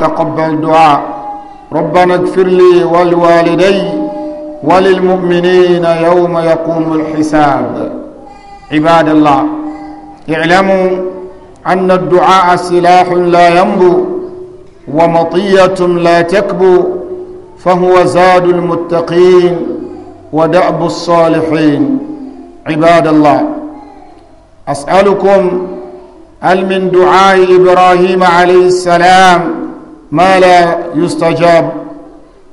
تقبل دعاء ربنا اغفر لي ولوالدي وللمؤمنين يوم يقوم الحساب عباد الله اعلموا أن الدعاء سلاح لا ينبو ومطية لا تكبو فهو زاد المتقين ودأب الصالحين عباد الله أسألكم هل من دعاء إبراهيم عليه السلام ما لا يستجاب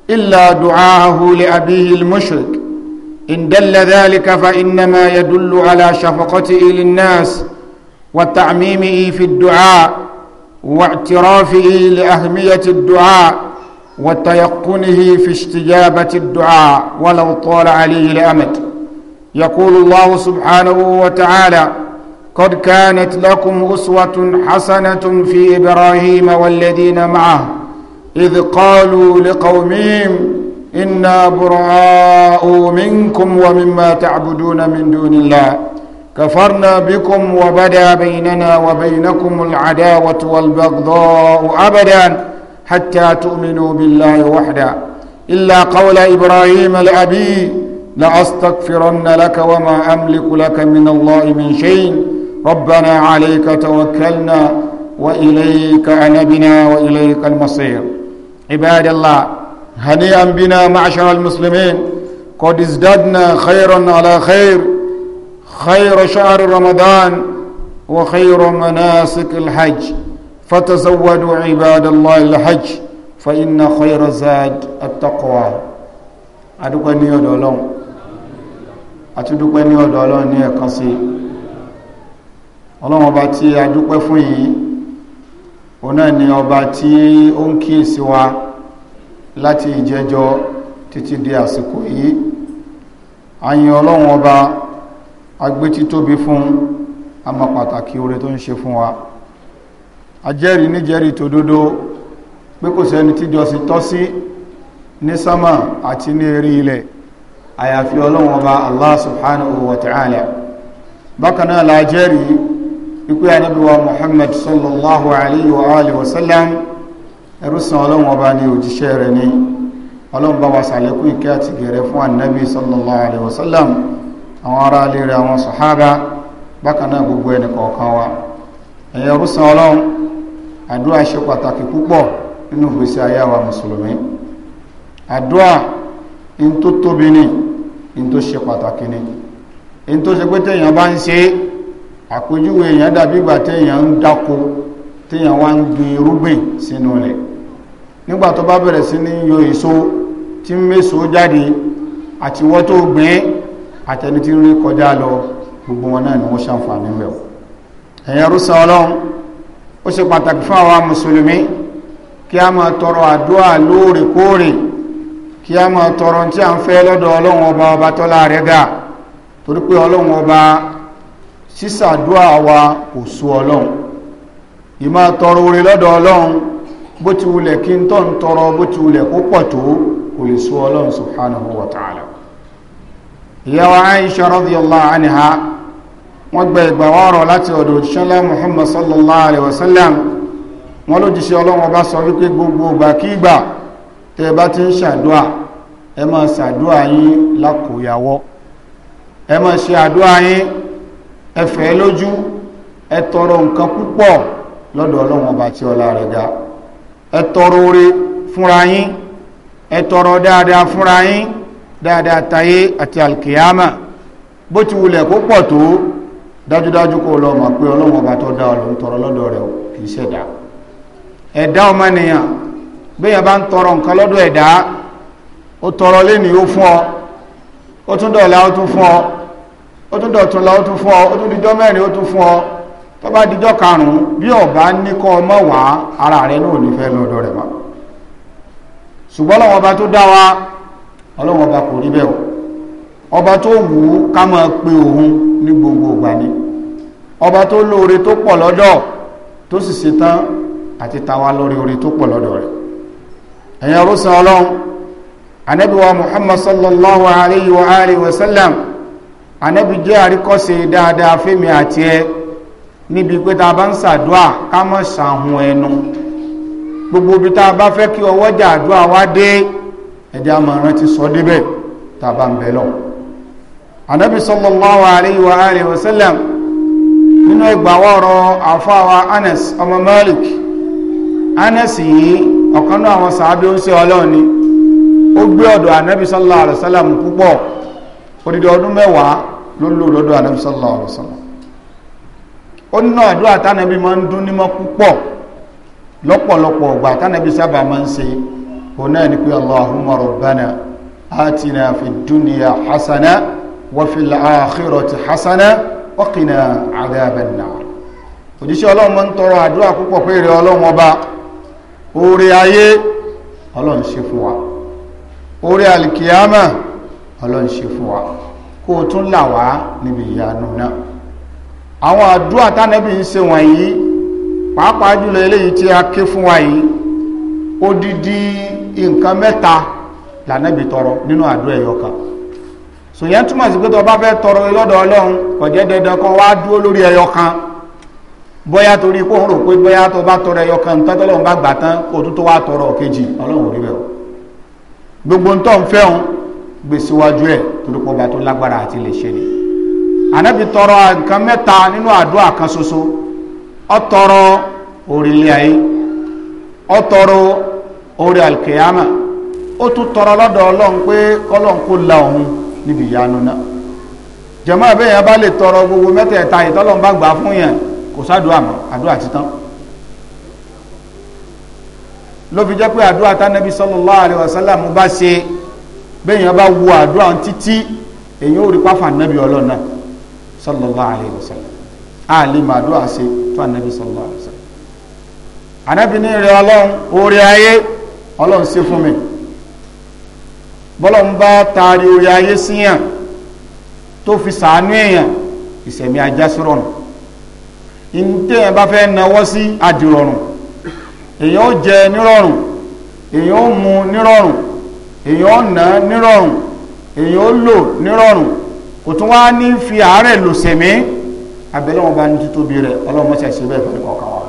إلا دعاءه لأبيه المشرك إن دل ذلك فإنما يدل على شفقته للناس وتعميمه في الدعاء واعترافه لأهمية الدعاء وتيقنه في استجابة الدعاء ولو طال عليه الأمد يقول الله سبحانه وتعالى قد كانت لكم أسوة حسنة في إبراهيم والذين معه إذ قالوا لقومهم إنا براء منكم ومما تعبدون من دون الله كفرنا بكم وبدا بيننا وبينكم العداوة والبغضاء أبدا حتى تؤمنوا بالله وحده إلا قول إبراهيم لأبيه لأستغفرن لك وما أملك لك من الله من شيء ربنا عليك توكلنا وإليك أنبنا وإليك المصير عباد الله هنيئا بنا معشر المسلمين قد ازددنا خيرا على خير خير شهر رمضان وخير مناسك الحج فتزودوا عباد الله الحج فإن خير زاد التقوى أدوكني يدولون أتدوكني يدولون يا قصير ọlọ́run ọba tí a dúpẹ́ fún yìí ni ọba tí ó ń kíyèsí wa láti ìjẹjọ títí di àsìkò yìí àyìn ọlọ́run ọba agbétítóbi fún àmọ́ pàtàkì oore tó ń ṣe fún wa ajẹ́rìí níjẹ́rìí pé kò sẹ́ni ní sámà àti ní ilẹ̀ àyàfi ọlọ́run ọba Allah wa ta'ala bákan náà la ikú ya níbi wa Muhammad sallallahu alayhi wa alihi wa sallam ẹrúsàn ọlọ́run ọba ní òjíṣẹ́ rẹ̀ ní ọlọ́run bá wa sàlékún ìkẹ́ àti gẹ̀rẹ́ fún ànábì sallallahu alayhi wa sallam àwọn ará ilé rẹ̀ àwọn sàhábà bákan náà gbogbo ẹnì kọ̀ọ̀kan wa ẹ̀yẹ ẹrúsàn ọlọ́run àdúrà ṣe pàtàkì púpọ̀ nínú ìgbésí ayé wa mùsùlùmí àdúrà in tó tóbi ni in tó ṣe pàtàkì ni in tó ṣe pé téèyàn bá ń ṣe é àpèjúwe èèyàn dàbí ìgbà téèyàn ń dáko téèyàn wá ń gbin irúgbìn sínú rẹ̀ nígbà tó bá bẹ̀rẹ̀ sí ní yọ èso tí ń méso jáde wọ́n tó gbìn àtẹni tí ń rí kọjá lọ gbogbo wọn náà ni wọ́n ṣàǹfààní rúṣà tọrọ àdúrà lóòrèkóòrè kí a tọrọ tí ọba ọba tọ́lá rẹ̀ ọba sísàdúà wa kò sú ọlọ́run ìmọ̀ tọrọ orí lọ́dọ̀ ọlọ́run bó ti wulẹ̀ kí n tọ́ ń tọrọ bó ti wulẹ̀ kó pọ̀ tó kò lè sú ọlọ́run subhanahu wa ta'ala ìyá wa Aisha radiyallahu anha wọ́n gba ìgbà wọ́rọ̀ láti ọ̀dọ̀ òjíṣẹ́lá Muhammad sallallahu alaihi wasallam wọ́n ló jíṣẹ́ ọlọ́run ọba sọ wípé gbogbo ìgbàkígbà tẹ́ bá ti ń ṣàdúà ẹ máa ṣàdúà yín lákòóyàwó ẹ máa ṣe àdúà yín ẹ fẹ́ lójú ẹ tọrọ nǹkan púpọ̀ lọ́dọ̀ ọlọ́run ọba tí ọlá rẹ̀ ga ẹ tọrọ oore fúnra yín ẹ dáadáa fúnra yín dáadáa tayé àti alkiyama bó ti wulẹ̀ kó pọ̀ tó dájúdájú kó lọ mọ̀ pé ọlọ́run ọba tó dá ọlọ́run tọrọ lọ́dọ̀ rẹ̀ kì í ṣẹ̀dá ẹ̀dá ọmọnìyàn béèyàn bá ń tọrọ nǹkan lọ́dọ̀ ẹ̀dá ó tọrọ lẹ́nìí ó fún ọ ó tún dọ̀la ó tún fún ọ ó tún dọ̀tún la ó tún fún ọ ó tún dijọ́ mẹ́rin ó tún fún ọ tó bá dijọ́ karùn-ún bí ọ̀bá ní kọ́ ọmọ wá ara rẹ náà ò ní fẹ́ lọ́dọ̀ rẹ̀ mọ́ ṣùgbọ́n ọlọ́wọ́n ọba tó dá wa ọlọ́wọ́n ọba kò rí bẹ́ẹ̀ o ọba tó wù ú ká máa pe òun ní gbogbo ìgbà ni ọba tó lóore tó pọ̀ lọ́dọ̀ tó sì ṣe tán àti tawa lórí orí tó pọ̀ lọ́dọ̀ rẹ̀ ẹ̀yin arúsàn ọlọ́run anabiwa muhammad sallallahu alayhi wa alihi wa sallam ànábì jẹ́ àríkọ́ṣe dáadáa fẹ́mi àti ẹ níbi pé tá a bá ń ṣàdúà ká mọ̀ ṣàhùn ẹnu gbogbo ibi tá a bá fẹ́ kí ọwọ́jà àdúà wá dé ẹ̀jẹ̀ àmọ̀ràn ti sọ débẹ̀ tá a bá ń bẹ lọ. ànábì sallallahu alayhi wa alihi wa sallam nínú ìgbàwọ̀ ọ̀rọ̀ àfáwa Anas ọmọ Malik Anas yìí ọ̀kan náà àwọn sàábí ń ṣe ọlọ́run ni ó gbé ọ̀dọ̀ ànábì sallallahu alayhi wa púpọ̀ odidi ọdún mẹ́wàá ló lò lọ́dọ̀ ànábì sallallahu alaihi wasallam ó nínú àdúrà tánàbí máa ń dún nímọ́ púpọ̀ lọ́pọ̀lọpọ̀ ọgbà tánàbí sábà máa ń ṣe kò náà ni pé allahumma rabbana atina fi dunya hasana wa fil akhirati hasana wa qina adhaban nar òjíṣẹ́ ọlọ́run máa ń tọrọ àdúrà púpọ̀ pé èrè ọlọ́run ọba oore ayé ọlọ́run ṣe fún wa oore alkiyama ọlọ́run ṣe fún wa kó o tún là wá níbi ìyanu náà àwọn àdúrà tánẹ́bí ń wọ̀nyí pàápàá jùlọ eléyìí tí a ké fún wa yìí di nǹkan mẹ́ta lànàbí tọrọ nínú àdúrà ẹ̀yọkàn sòyẹn túmọ̀ sí pé tó bá fẹ́ tọrọ lọ́dọ̀ ọlọ́run kọ̀jẹ́ dandan kan wá dúró lórí bóyá torí kó rò pé bóyá tó bá tọrọ gbogbo ń tọ́ gbé síwájú ẹ̀ torí pọ̀ bá tó lágbára àti lè ṣe ni ànábì tọrọ nǹkan mẹ́ta nínú àdúrà kan ṣoṣo ó tọrọ òrìlẹ ayé ó tọrọ orí alkiyama ó tún tọrọ lọ́dọ̀ Ọlọ́run pé kọ́lọ́run kó la òun níbi ìyanu náà jẹmọ́ àbẹyẹn bá lè tọrọ gbogbo mẹ́tẹ̀ẹ̀ta ìtọlọrun bá gbà fún yẹn kò sádùá mọ́ àdúrà títán ló fi jẹ́ pé àdúrà tánàbí sallallahu alaihi wasallam bá ṣe bẹ́ẹ̀ yẹn bá wo àdúrà títí èyí ó rí pàfà nẹ́bí sallallahu alayhi wa ṣe tó ànẹ́bí sallallahu alayhi ànẹ́bí ní rẹ ọlọ́run orí ayé ọlọ́run ṣe fún mi bọ́lọ́run bá taari orí ayé síyàn tó fi sàánú èèyàn ìsẹ̀mí ajásírọ̀nù ìntẹ́ bá fẹ́ náwọ́ sí àdìrọ̀rùn èèyàn ó jẹ nírọ̀rùn mu nírọ̀rùn èyàn ọ̀nà nírọ̀rùn èyàn ó lò nírọ̀rùn kò tún wá ní fi àárẹ̀ lò sẹ̀mí abẹ́lẹ́ wọn bá ní títóbi rẹ̀ ọlọ́mọṣẹ́ ṣe bẹ́ẹ̀ pẹ̀lú kọ̀ọ̀kan wa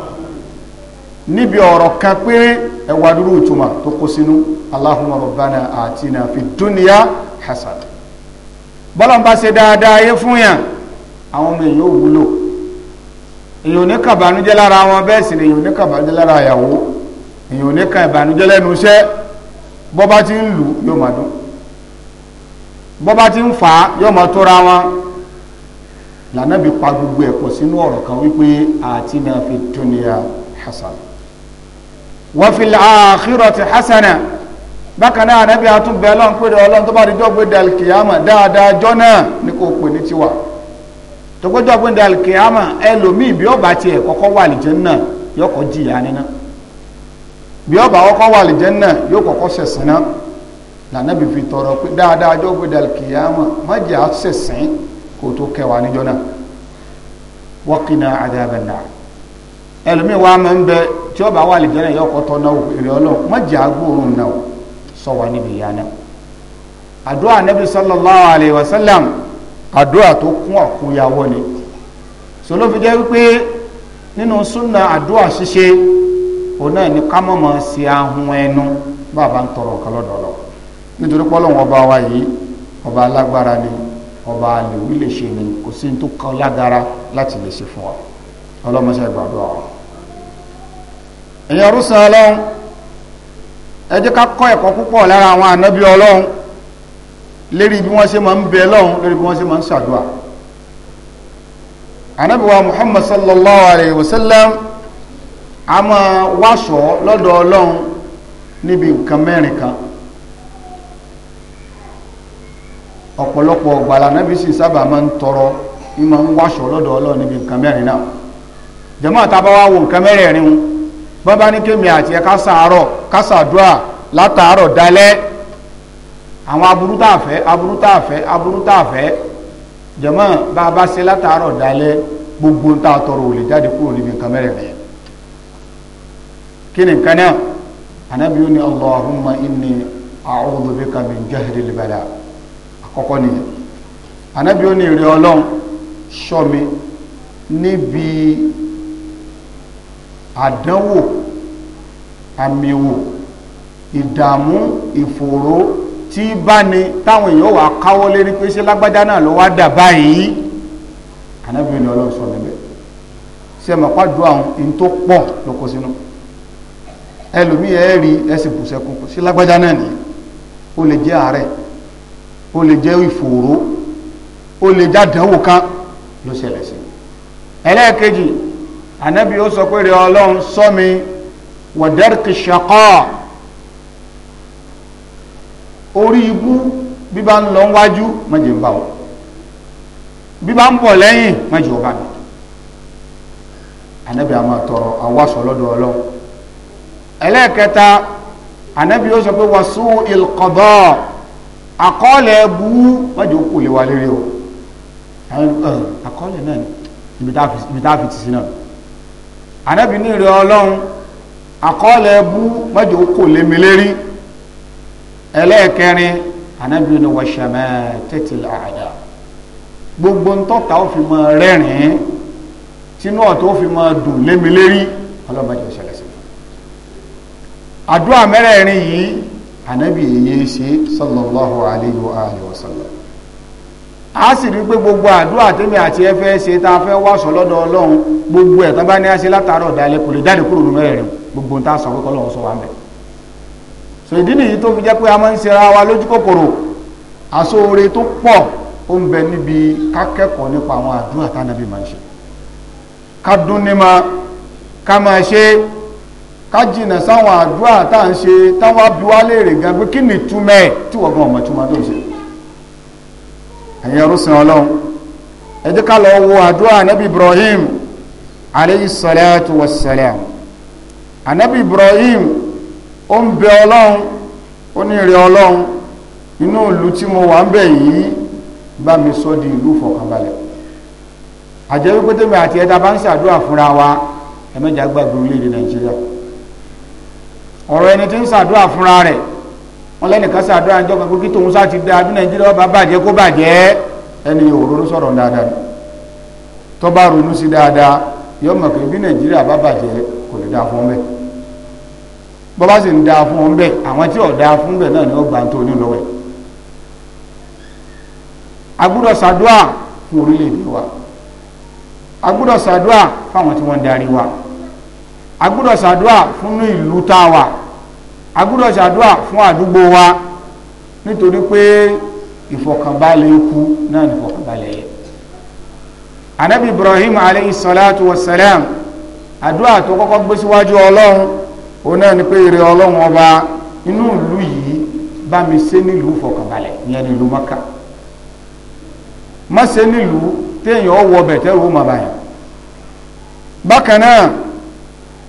níbi ọ̀rọ̀ kan péré ẹwà dúró ìtumọ̀ tó kó sínú Allahumma rabbana atina fid dunya hasan bọ́lọ̀ ń bá ṣe dáadáa ayé fún yàn àwọn ọmọ èèyàn ò wúlò èèyàn ò ní kàbánújẹ́ lára wọn bẹ́ẹ̀ sì ni èèyàn ò ní kàbánújẹ́ lára àyàwó èèyàn ò ní kàbánújẹ́ lẹ́nu iṣẹ́ bọ́ bá ti ń lù yóò máa dún bọ́ bá ti ń fà á yóò máa tóra wọn lànàbí pa gbogbo ẹ̀ pọ̀ sínú ọ̀rọ̀ kan wípé àti náà fi dúnìyà hasana wa fil akhirati hasana bákan náà ànábì àtúnbẹ̀ ọlọ́run pé ọlọ́run tó bá rí jọ́gbé dalkiyama dáadáa jọ́ náà ní kò pè ní tiwa tó gbé jọ́gbé dalkiyama ẹlòmíì bí ọba tiẹ̀ kọ́kọ́ wà lìjẹ́ náà yọkọ̀ jìyà nínú bí ọba ọkọ wà lè jẹ́nà yóò kọ́kọ́ sẹ̀sìn náà lànàbì fi tọrọ pé dáadáa ọjọ́ gbẹdẹ kìyàmà má jẹ́ àṣẹ̀sìn kò tó kẹwàá níjọ́ náà wọ́kìnà àdàbẹ̀nà ẹlòmíì wa máa ń bẹ tí ọba wà lè jẹ́nà yóò kọ́tọ́ náà èrè ọlọ́run má jẹ́ àgbóòrùn náà sọ wà níbi ìyá náà àdúrà nàbì sallallahu alayhi wa sallam àdúrà tó kún àkúyàwó ni sọlọ́fi wípé nínú súnà àdúrà ṣíṣe òun náà ni ká mọ̀mọ́ sí ahun ẹnu bàbá ń tọrọ ọ̀kan lọ́dọ̀ lọ nítorí pọ́lọ́hún ọba wa yìí ọba alágbára ni ọba àlèwí lè ṣe ni kò sí ní tó kọ́ lágara láti lè ṣe fún wa ọlọ́mọṣẹ́ gbàdúrà wa. ẹ̀yin ọ̀rùsàn ọlọ́run ẹ jẹ́ ká kọ́ ẹ̀kọ́ púpọ̀ lára àwọn ànábì ọlọ́run lérí bí wọ́n ṣe máa ń bẹ lọ́run lérí bí wọ́n ṣe máa ń ṣàdúrà ànábì Muhammad sallallahu alayhi wa sallam a máa wáṣọ lọ́dọ̀ ọlọ́run níbi nǹkan mẹ́rin kan ọ̀pọ̀lọpọ̀ ọ̀gbàlà nábì sì sábà máa ń tọrọ ní máa ń wáṣọ lọ́dọ̀ ọlọ́run níbi nǹkan mẹ́rin náà jẹ́mọ́ àtàbá wa wo nǹkan mẹ́rẹ̀ẹ̀rin wọn bọ́n bá ní kémi àti ẹ̀ kásàárọ̀ kásàdúà látàárọ̀ dalẹ́ àwọn aburú tá a fẹ́ aburú tá a fẹ́ aburú tá a fẹ́ jẹ́mọ́ bá a bá ṣe látàárọ̀ dalẹ́ gbogbo ń tà tọrọ ò jáde kúrò níbi nǹkan mẹ́rẹ̀ẹ̀rin kí ni nǹkan náà anabi yóò ní allahumma inni a'udhu bika min jahdi libala àkọ́kọ́ nìyẹn anabi yóò ní ìrẹ́ ọlọ́run ṣọ́ mi níbi àdánwò àmìwò ìdààmú ìfòòró tí bá ní táwọn èèyàn wà káwọ́ lérí pé ṣé lágbájá náà ló wá dà báyìí anabi yóò ọlọ́run ṣọ́ mi bẹ́ẹ̀ ṣe mọ̀ pàdùn àwọn in tó pọ̀ ló sínú ẹlòmíì ẹ rí ẹ sì bù sẹ́kùn sí lágbájá náà nìyí ó lè jẹ́ àárẹ̀ ó lè jẹ́ ìfòòró ó lè jádánwò kan ló ṣẹlẹ̀ sí ẹlẹ́ẹ̀kejì ànábì ó sọ pé rẹ ọlọ́run ṣọ́ mi wọ̀dẹ́rìkì ṣàkọ́ orí ibú bí bá ń lọ wájú mọ̀jẹ̀ ń bá wọn bí bá ń bọ̀ lẹ́yìn mọ̀jẹ̀ ọba mi ànábì a máa tọrọ àwọ̀sọ̀ lọ́dọ̀ ọlọ́run ẹlẹ́ẹ̀kẹta ànábì ó sọ pé wàsú ìlkọ̀dọ́ àkọọ́lẹ̀ bú wájú kò lè wà lérí o àkọọ́lẹ̀ náà ibi tá a fi ti sí náà ànábì ní ìrẹ ọlọ́run àkọọ́lẹ̀ bú wájú kò lè mi lérí ẹlẹ́ẹ̀kẹrin ànábì ní wàṣẹ̀mẹ́ tẹ́tì àdá gbogbo ntọ́ta ó fi mọ rẹ́rìn-ín tínú ọ̀tọ́ ó fi mọ dùn lé mi lérí ọlọ́mọdé ṣe àdúrà mẹ́rẹ̀ẹ̀rin yìí ànábì èyí ṣe sallallahu alayhi wa alihi wa sallam a sì rí pé gbogbo àdúrà tèmi àti ẹ fẹ́ ṣe tá a fẹ́ wàṣọ lọ́dọ̀ ọlọ́run gbogbo ẹ̀ tán bá ní àṣẹ látàárọ̀ dalẹ̀ kò lè jáde kúrò nínú mẹ́rẹ̀ẹ̀rin gbogbo nta sọ pé kọ́lọ́run sọ wà ń so ìdí nìyí tó fi jẹ́ pé a máa ń ṣe ara wa lójú kòkòrò àsóore tó pọ̀ ó ń bẹ níbi kákẹ́kọ̀ọ́ nípa àwọn àdúrà tánàbì máa ń ṣe ká dún ní ma ká máa ṣe é ká jìnà sáwọn àdúrà tá à ń ṣe táwọn bí wá léèrè gan pé kí ni túmẹ̀ ẹ̀ tí wọ́n gan ọmọ túmọ̀ tó ń ṣe ẹ̀yin ọlọ́sìn ọlọ́run ẹ ká lọ wo àdúrà nabi Ibrahim aleyhi salatu wa salam anabi Ibrahim ó ń bẹ ọlọ́run ó ní ìrẹ ọlọ́run inú ìlú tí mo wà ń bẹ̀ yìí bá mi sọ di ìlú fọkànbalẹ̀ àjẹ́ wípé tèmi àti ẹ̀dá bá ń ṣàdúrà fúnra wa ẹ̀mẹ́jà gbàgbé orílẹ̀-èdè Nàìjíríà ọ̀rọ̀ ẹni tí ń ṣàdúrà fúnra rẹ̀ wọn lẹ́nìkan ṣàdúrà ń jọkàn ti da bí nàìjíríà bá bàjẹ́ kó bàjẹ́ ẹni òróró sọ̀rọ̀ dáadáa tó bá ronú sí dáadáa yóò mọ̀ pé bí nàìjíríà bá bàjẹ́ kò lè dáa fún ọmọ bẹ́ẹ̀ bọ́ bá sì ń dáa fún bẹ́ẹ̀ àwọn tí fún bẹ́ẹ̀ náà ni ó gbà ń tó agbúdọ̀ agbúdọ̀ ṣàdúà fún ìlú tá a fún àdúgbò wa nítorí pé ìfọ̀kànbalẹ̀ ikú náà yẹ anabi ibrahim alayhi salatu àdúà tó kọ́kọ́ gbé síwájú ọlọ́run òun náà ni pé èrè ọlọ́run ọba inú ìlú yìí bá mi ṣe nílùú ìfọ̀kànbalẹ̀ ìyẹn nílùú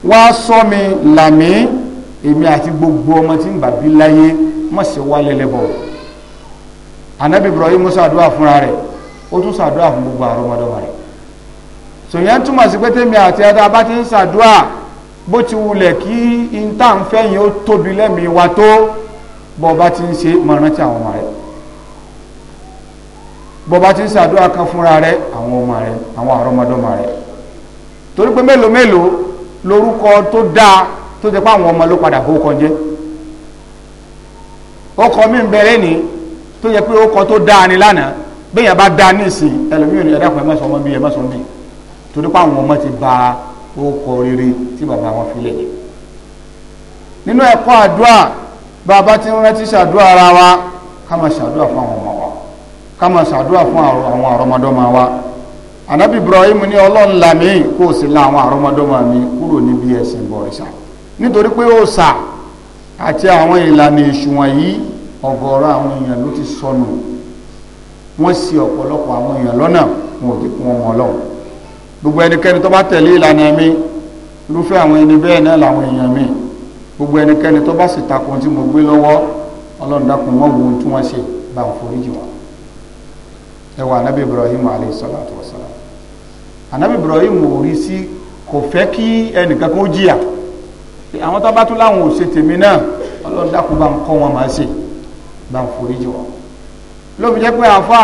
wọ́n á sọ mi làmí èmi àti gbogbo ọmọ tí ń bàbí láyé mọ̀ sí wálẹ̀ lẹ́bọ̀ anabi ibrahim ṣàdúrà fúnra rẹ̀ ó tún ṣàdúrà fún gbogbo àrọ́mọdọ́mọ rẹ̀ sòyẹn túmọ̀ sí pé tèmi àti ẹ̀dá bá ti ń ṣàdúrà bó ti wulẹ̀ kí ìta ń fẹ́ yẹn ó tóbi lẹ́mìí wa tó bọ́ ti ń ṣe mọ̀rántí àwọn ọmọ rẹ̀ bọ́ ti ń ṣàdúrà kan fúnra rẹ̀ àwọn ọmọ rẹ̀ àwọn àrọ́mọdọ́mọ rẹ̀ torí pé mélòó mélòó lórúkọ tó dáa tó jẹ́ pé àwọn ọmọ ló padà fowó kan jẹ́ ọkọ mi ń bẹ̀rẹ̀ ní tó jẹ́ pé ọkọ tó dáa ni lánàá bẹ́yàn bá dáa ní ìsìn ẹlòmíì ní ẹ̀dá kan ẹ̀ mọ̀sán ọmọ bíi ẹ̀ mọ̀sán bíi torí pé àwọn ọmọ ti ba ọkọ rere tí bàbá wọn fi lẹ̀ nínú ẹ̀kọ́ àdúrà bàbá tí ń rántí ṣàdúrà ara wa ká máa ṣàdúrà fún àwọn ọmọ wa ká máa ṣàdúrà fún àwọn àrọmọdọ́mọ wa ànábì Ibrahim ní ọlọ́run làmì kó o sì la àwọn àrọmọdọ́mọ mi kúrò níbi ẹ̀sìn bọ̀rìṣà nítorí pé òòṣà àti àwọn ìlànà ìṣùwọ̀n yìí ọ̀gọ̀ọ̀rọ̀ àwọn èèyàn ló ti sọnù wọ́n sì ọ̀pọ̀lọpọ̀ àwọn èèyàn lọ́nà wọn ò ti kún ọmọ ọlọ́run gbogbo ẹnikẹ́ni tó bá tẹ̀lé ìlànà mi irúfẹ́ àwọn ẹni bẹ́ẹ̀ náà làwọn èèyàn mi gbogbo ẹnikẹ́ni tó bá sì takun tí mo gbé lọ́wọ́ ọlọ́run dákun mọ́ wo ohun tí wọ́n ṣe bá ń foríjì wọn ẹ wà anábì Ibrahim alayhi salatu wa salam anábì Ibrahim ò rí sí kò fẹ́ kí ẹnìkan kó jìyà àwọn tó bá tún láwọn ò ṣe tèmi náà ọlọ́run dákú bá ń kọ́ wọn máa ṣe bá ń forí jì wọn lóbi jẹ́ pé àfa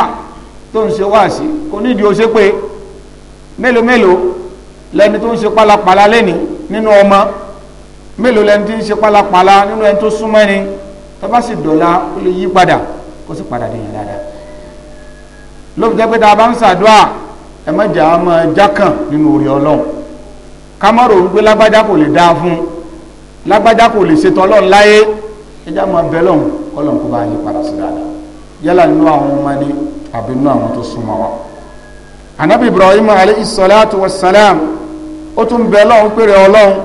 tó ń ṣe wáàsí kò nídìí ó ṣe pé mélòó mélòó lẹni tó ń ṣe pálapàla lẹ́ni nínú ọmọ mélòó lẹni tó ń ṣe pálapàla nínú ẹni tó súnmọ́ ẹni tó bá sì dọ̀la ó lè yí padà kó sì padà dèyàn dáadáa lóbi jẹ́ pé tá a bá ń ṣàdúrà ẹ má jà á máa nínú orí ọlọ́run kámọ́rò wípé lágbájá kò lè dáa fún lágbájá kò lè ṣetán ọlọ́run láyé ẹjá máa bẹ lọ́hùn kọ́lọ́n kó bá yí padà sí dáadáa yálà nínú àwọn ọmọ ni àbí nínú àwọn tó súnmọ́ wa. anabi ibrahim alayhi salatu wa salam ó tún bẹ lọ́hùn pèrè ọlọ́hun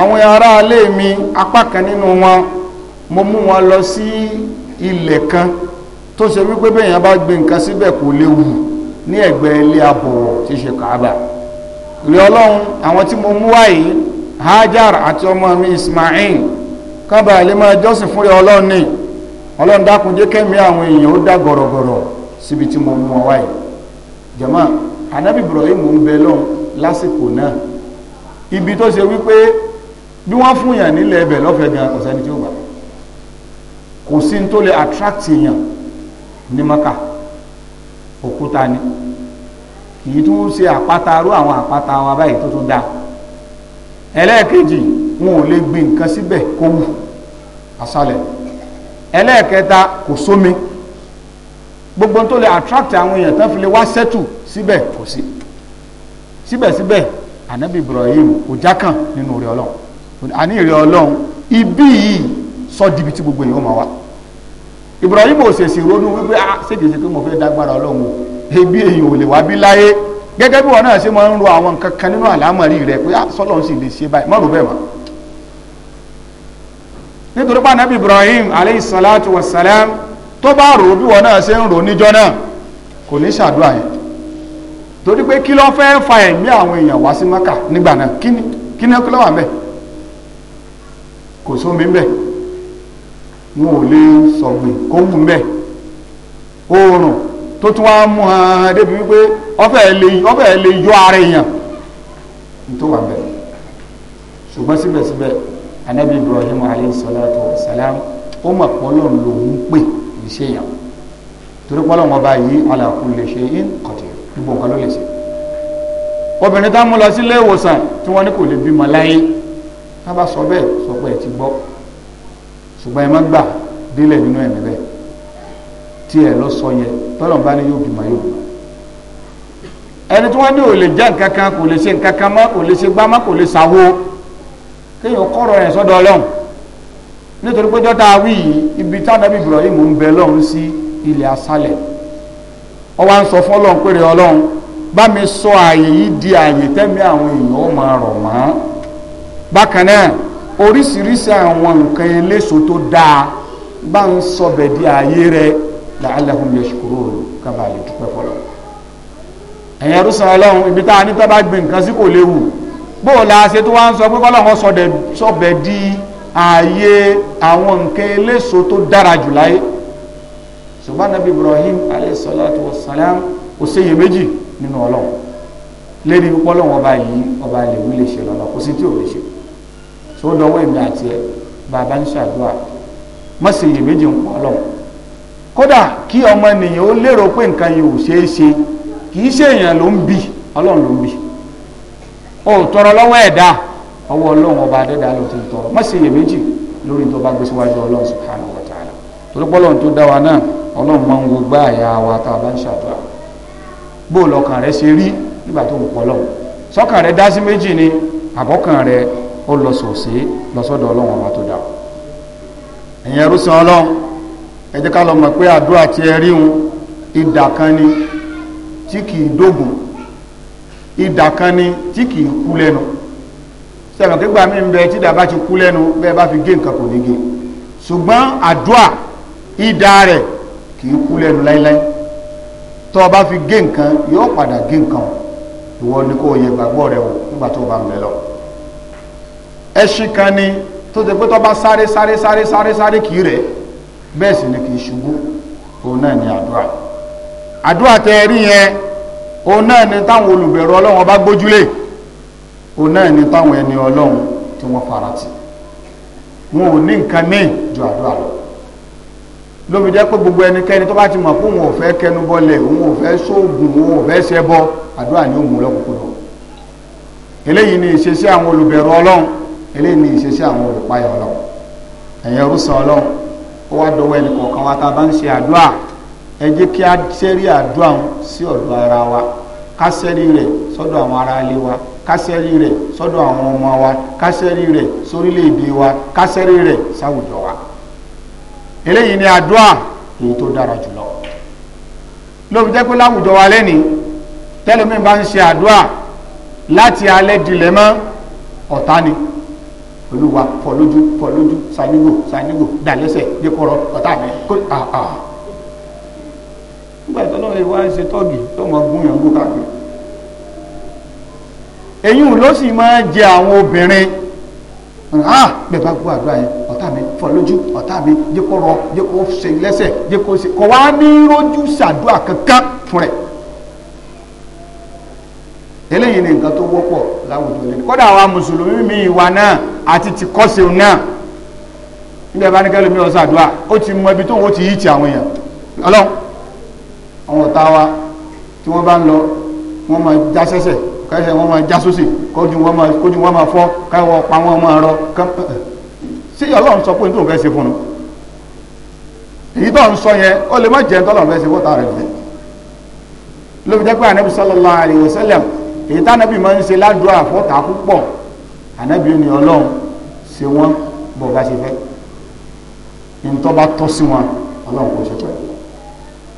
àwọn ará ilé mi apá kan nínú wọn mo mú wọn lọ sí ilẹ̀ kan tó ṣe wípé bẹ́ẹ̀ yẹn bá gbé nǹkan síbẹ̀ kò léwu ní ẹ̀gbẹ́ ilé abọ̀wọ̀ tí ṣe kàábà. rí ọlọ́run àwọn tí mo mú hajar àti ọmọ mi ismail kábà lè máa fún rí ọlọ́run ní ọlọ́run dákun jẹ́ kẹ́mi àwọn èèyàn ó dá gọ̀rọ̀gọ̀rọ̀ síbi tí mo mú wọn ibi tó ṣe wípé bí wọ́n fún yàn nílẹ̀ ẹbẹ̀ lọ́fẹ̀ẹ́ gan kò sẹ́ni tí ó ni. kìí tún ṣe àpáta rú àwọn àpáta wa báyìí tó tún da ẹlẹ́ẹ̀kejì wọn ò lè gbin nǹkan síbẹ̀ kó wù àṣálẹ̀ ẹlẹ́ẹ̀kẹta kò sómi gbogbo tó lè attract àwọn èèyàn tán fi lè wá settle síbẹ̀ kò sí síbẹ̀síbẹ̀ ànábì Ibrahim kò jákàn nínú orí ọlọ́run àní ìrẹ́ ọlọ́run ibí yìí sọ dibi tí gbogbo èèyàn máa wá Ibrahim ò ṣèṣì ronú wípé ah ṣèkèṣe pé mo fẹ́ dágbára ọlọ́run o ebi èyàn ò lè wá bí láyé gẹ́gẹ́ bí wọn náà ṣe máa ń ro àwọn nǹkan kan nínú àlámọ̀rí rẹ̀ pé ah, sọ́lọ́ ń sì lè ṣe báyìí mọ́rù bẹ́ẹ̀ mọ́ nítorí pé anabi Ibrahim aleyhi salatu wa salam tó bá rò bí wọn náà ṣe ń rò níjọ́ náà kò ní ṣàdúrà yẹn torí pé kí ló fẹ́ fa ẹ̀mí àwọn èèyàn wá sí Mẹ́kà nígbà náà kí ni kí ló wà ń kò sómi ń wọn ò lè sọ̀gbìn kó wù ń oòrùn tó tún wá mú hàn débi wípé ọfẹ́ lè ọfẹ́ lè yọ ara èèyàn tó wà bẹ́ẹ̀ ṣùgbọ́n síbẹ̀síbẹ̀ anabi ibrahim alayhi salatu wa salam ó mọ̀ pọ́lọ́n lòún pè iṣẹ́ yẹn torí pọ́lọ́n ọba yìí ala kulli shay'in qadir gbogbo nǹkan ló lè ṣe obìnrin tá mú lọ sílé ìwòsàn tí wọ́n ní kò lè bímọ láyé tá bá sọ bẹ́ẹ̀ sọ pé ẹ ti gbọ́ ṣùgbọ́n ẹ má gbà délẹ̀ nínú ẹ̀mí bẹ́ẹ̀ ẹ lọ sọ yẹ tọ́lọ̀n bá ní yóò bímọ yóò bímọ ẹni tí wọ́n ní ò lè jẹ́ nǹkan kò lè ṣe nǹkan kan kò lè ṣe gbá mọ́ kò lè ṣàwo kéèyàn nítorí pé ibi táwọn Ibrahim ń bẹ lọ́run sí ilẹ asálẹ̀ ń sọ fún péré bá mi sọ ààyè yìí di ààyè àwọn èèyàn máa bákan náà di ààyè la'allahum yashkurun ká bá lè dúpẹ́ fọlọ́ ẹ̀yin arúsàn ọlọ́run ibi tá a ní tábà gbé nǹkan sí kò léwu bó o la ṣe tó wá ń sọ pé kọ́lọ́hún sọ̀bẹ̀ di ààyè àwọn nǹkan eléso tó dára jù láyé ṣùgbọ́n nabi Ibrahim alayhi wa salam kò séye méjì nínú ọlọ́run lérí pọ́lọ́wọ́n ọba yìí ọba lè wí lè ṣe lọ́nà kò sí tí ò lè ṣe tó dọwọ́ èmi àti ẹ bàbá ń ṣàdúrà má kódà kí ọmọ ènìyàn ó lérò pé nǹkan yìí ò ṣeé ṣe kì í ṣe èèyàn ló ń bì ọlọ́run ló ń bì ó tọrọ lọ́wọ́ ẹ̀dá ọwọ́ ọlọ́run ọba adẹ́dá ló ti tọrọ má ṣe lórí tó bá gbé síwájú ọlọ́run ọlọ́run tó dá wa náà ọlọ́run máa ń wo gbá àyà wa tá a bá ń ṣàdúrà bó lọkàn rẹ ṣe rí nígbà tó ń pọ̀ sọ́kàn rẹ ẹ jẹ́ ká lọ mọ̀ pé àdúrà tí ẹ rí hun ìdà kan ni tí kìí dógùn ìdà kan ni tí kìí kú lẹ́nu sẹ́wọ̀n kígbà mí ń bẹ tí ìdà bá ti kú lẹ́nu bẹ́ẹ̀ bá fi gé nǹkan kò ní gé ṣùgbọ́n àdúrà ìdà rẹ̀ kìí kú lẹ́nu láíláí tọ́ bá fi gé nǹkan yóò padà gé nǹkan ìwọ ni kò yẹ gbàgbọ́ rẹ wò nígbà tó bá ń bẹ lọ ẹṣin kan ni tó ti pé tọ́ bá sáré sáré sáré sáré sáré kìí rẹ̀ bẹ́ẹ̀ sì ni kì í ṣubú òun náà ni àdúrà àdúrà tẹ rí yẹn òun náà ni táwọn olùbẹ̀rù ọlọ́run bá gbójúlé òun náà ni táwọn ẹni ọlọ́run tí wọ́n faratì wọn ò ní nǹkan míì ju àdúrà lọ lóbi jẹ́ pé gbogbo ẹnikẹ́ni tó bá ti mọ̀ pé òun ò fẹ́ kẹnu bọlẹ̀ òun ò fẹ́ sóògùn òun ò fẹ́ ṣẹbọ àdúrà ni ó mú lọ́kùnkùn eléyìí ni ìṣesí àwọn olùbẹ̀rù ọlọ́run eléyìí ni ìṣesí àwọn olùpayà ọlọ́run ẹ̀yẹ orúsàn ọlọ́run ó wá dọwọ́ ẹnì kọ̀ọ̀kan wa tá a bá ń ṣe àdúrà ẹ jẹ́ kí a sẹ́rí àdúrà wọn sí ọ̀dọ̀ ara wa ká sẹ́rí rẹ̀ sọ́dọ̀ àwọn ará ilé wa ká sẹ́rí rẹ̀ sọ́dọ̀ àwọn ọmọ wa ká sẹ́rí rẹ̀ sórílẹ̀ wa ká sẹ́rí rẹ̀ sáwùjọ wa eléyìí ni àdúrà èyí tó dára jùlọ lóbi jẹ́ pé láwùjọ wa lẹ́ni tẹ́lẹ̀mí bá ń ṣe àdúrà láti alẹ́ dilẹ̀ mọ́ ọ̀tá ni olúwa fọ́ lójú fọ́ lójú sanigo sanigo dalẹ́sẹ̀ dékọrọ ọ̀tá mi kó àà nígbà tó lọ́wọ́ ìwà ṣe tọ́gì tó mọ gún yàn gún káàkiri èyí ló sì máa ń jẹ àwọn obìnrin ah bẹ́ẹ̀ bá gbọ́ àdúrà yẹn ọ̀tá mi fọ́ lójú ọ̀tá mi dékọrọ dékọ ṣe lẹ́sẹ̀ dékọ ṣe kọ̀ wá ní rójú ṣàdúrà kankan fún rẹ̀ eléyìí ni nǹkan tó wọ́pọ̀ láwùjọ lẹ́nu kódà àwa mùsùlùmí mi ìwà náà àti ti kọ́sẹ̀ọ́ náà nígbà bá ní kẹ́lómi ọ̀sán àdúrà ó ti mọ ibi tó ń wọ́n ti yí ti àwọn èèyàn ọlọ́run àwọn ọ̀tá wa tí wọ́n bá ń lọ wọ́n máa já sẹ́sẹ̀ kẹ́sẹ̀ wọ́n máa já sósì kójú wọ́n máa fọ́ káwọ́ pa wọ́n máa rọ sí ọlọ́run sọ pé nítorí fẹ́ ṣe fún un èyí tó ń sọ yẹn ó lè má jẹ́ tọ́lọ̀ fẹ́ ṣe fún tààrẹ̀ lóbi jẹ́ pé ànábì sallallahu alaihi wasallam èyí tánàbì máa ń ṣe ládùúrà fọ́ta púpọ̀ ànábì ni ọlọ́run ṣe wọ́n bọ̀ bá ṣe fẹ́ ntọ́ bá tọ́ sí wọn ọlọ́run kò ṣe pẹ́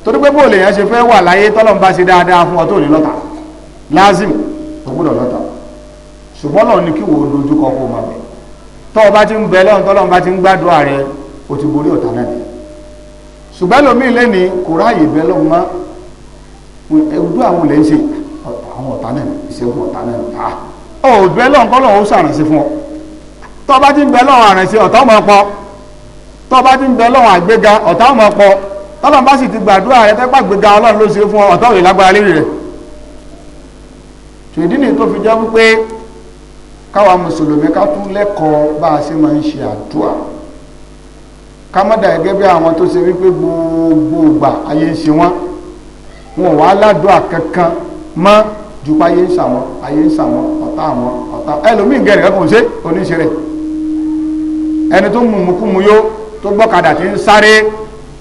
torí pé bóòlù èèyàn ṣe fẹ́ wà láyé tọ́lọ́run bá ṣe dáadáa fún ọ tó ní lọ́ta lázìm tó gbọ́dọ̀ lọ́ta ṣùgbọ́n lọ́run ni kí wò ó dojú kọ kó máa bẹ̀ tọ́ ọ bá ti ń bẹ lọ́run tọ́lọ́run bá ti ń gbàdúrà rẹ o ti borí ọ̀tá náà ṣùgbọ́n lómi lẹ́ni kò ráàyè bẹ lọ́run mọ́ ẹ̀dú àwọn lè ń ṣe àwọn ọ̀tá náà ìṣẹ́gun ọ̀tá náà à ọ̀ bẹ́ẹ̀ lọ́n kọ́ lọ́n ó sàrànṣe fún ọ tọ́ bá ti ń bẹ lọ́wọ́ àrànṣe ọ̀tá ọmọ pọ tọ́ bá ti ń bẹ lọ́wọ́ àgbéga ọ̀tá ọmọ pọ tọ́lọ́n bá sì ti gbàdúrà rẹ tẹ́pà gbéga ọlọ́run ló ṣe fún ọ ọ̀tá òye lágbára lérí rẹ tòdí ni tó fi jẹ́ wípé káwa mùsùlùmí ká tún lẹ́kọ̀ọ́ bá a ṣe máa ń ṣe àdúrà ká má dà gẹ́gẹ́ bí àwọn tó ṣe wípé gbogbo ìgbà ayé ń ṣe wọ́n wọn ò ládùúà kankan mọ́ ju pa ayé aye sàwọn ayé ń sàwọn ọ̀tá àwọn ọ̀tá ẹlòmíì gẹ̀rẹ̀ kankan ṣe oníṣẹ́rẹ̀ ẹni tó mú mú kú mu yó tó gbọ́kadà tí ń sáré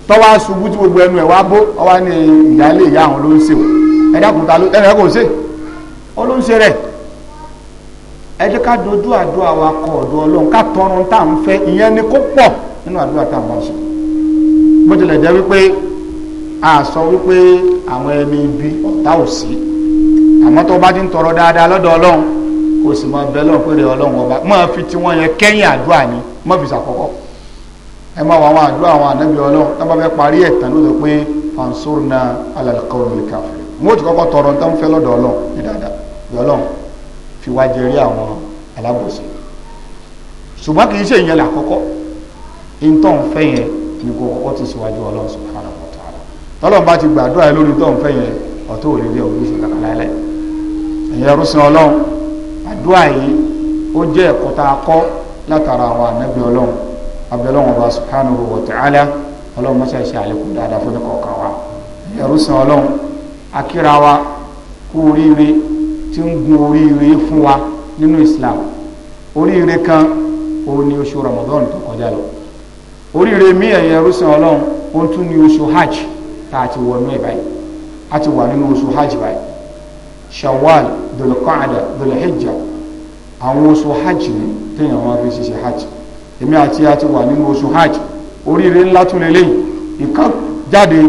tọ́wá ṣubú tí gbogbo ẹnu ẹ̀ wá bó ọwá ní ìyáálé ìyá àwọn ló ń ṣe o ẹ̀dá kùtà ló ẹ̀rọ kò ṣe ó ló ń ṣe rẹ̀ ẹ jẹ́ ká dojú àdúrà wa kọ ọ̀dọ̀ ọlọ́run ká tọrun tá à ń fẹ́ ìyẹn ni kó pọ̀ nínú àdúrà tá à ń bá ṣe bó tilẹ̀ jẹ́ wípé a sọ wípé àwọn ẹni ibi ọ̀tá ò sí àmọ́ tó bá ti ń tọrọ dáadáa lọ́dọ̀ ọlọ́run kò sì mọ bẹ́ẹ̀ lọ́run pé ọlọ́run ọba máa fi tiwọn yẹn kẹ́yìn àdúrà ni má fi sàkọ́kọ́ ẹ máa wọ àwọn àdúrà àwọn ànábì ọlọ́run tó bá fẹ́ parí ẹ̀ tán ló sọ pé fansurna ala alqawmil kafirin mo ti kọ́kọ́ tọrọ tó ń fẹ́ lọ́dọ̀ ọlọ́run ní dáadáa ọlọ́run fi wá jẹrí àwọn alábòsí ṣùgbọ́n kì í ṣe ìyẹn làkọ́kọ́ ìtọ́ ń fẹ́ yẹn ni kò kọ́kọ́ ti síwájú ọlọ́run subhanahu wa ta'ala tọ́lọ́run ẹ̀yẹrú sin ọlọ́run àdúrà yìí ó jẹ́ ẹ̀kọ́ tá a kọ́ látara àwọn ànábì ọlọ́run abẹ́lọ́wọ̀n ọba subhanahu wa ta'ala ọlọ́run mọ́ṣẹ́ ṣe àlékún dáadáa fún ẹnìkọ̀ọ̀kan wa ẹ̀yẹrú sin ọlọ́run akíra wa kú oríire tí ń gun oríire fún wa nínú Islam oríire kan òun ni oṣù Ramadan tó kọjá lọ oríire mi ẹ̀yẹrú sin ọlọ́run ó tún ní oṣù hajj tá a ti wọnú ẹ̀ báyìí a ti wà nínú oṣù hajj báyìí shawwal dulqaada dulhijja àwọn oṣù hajj ni téèyàn máa fi ṣiṣẹ́ hajj èmi àti àti wà nínú oṣù hajj oríire ńlá tún lélẹ́yìn ìkan jáde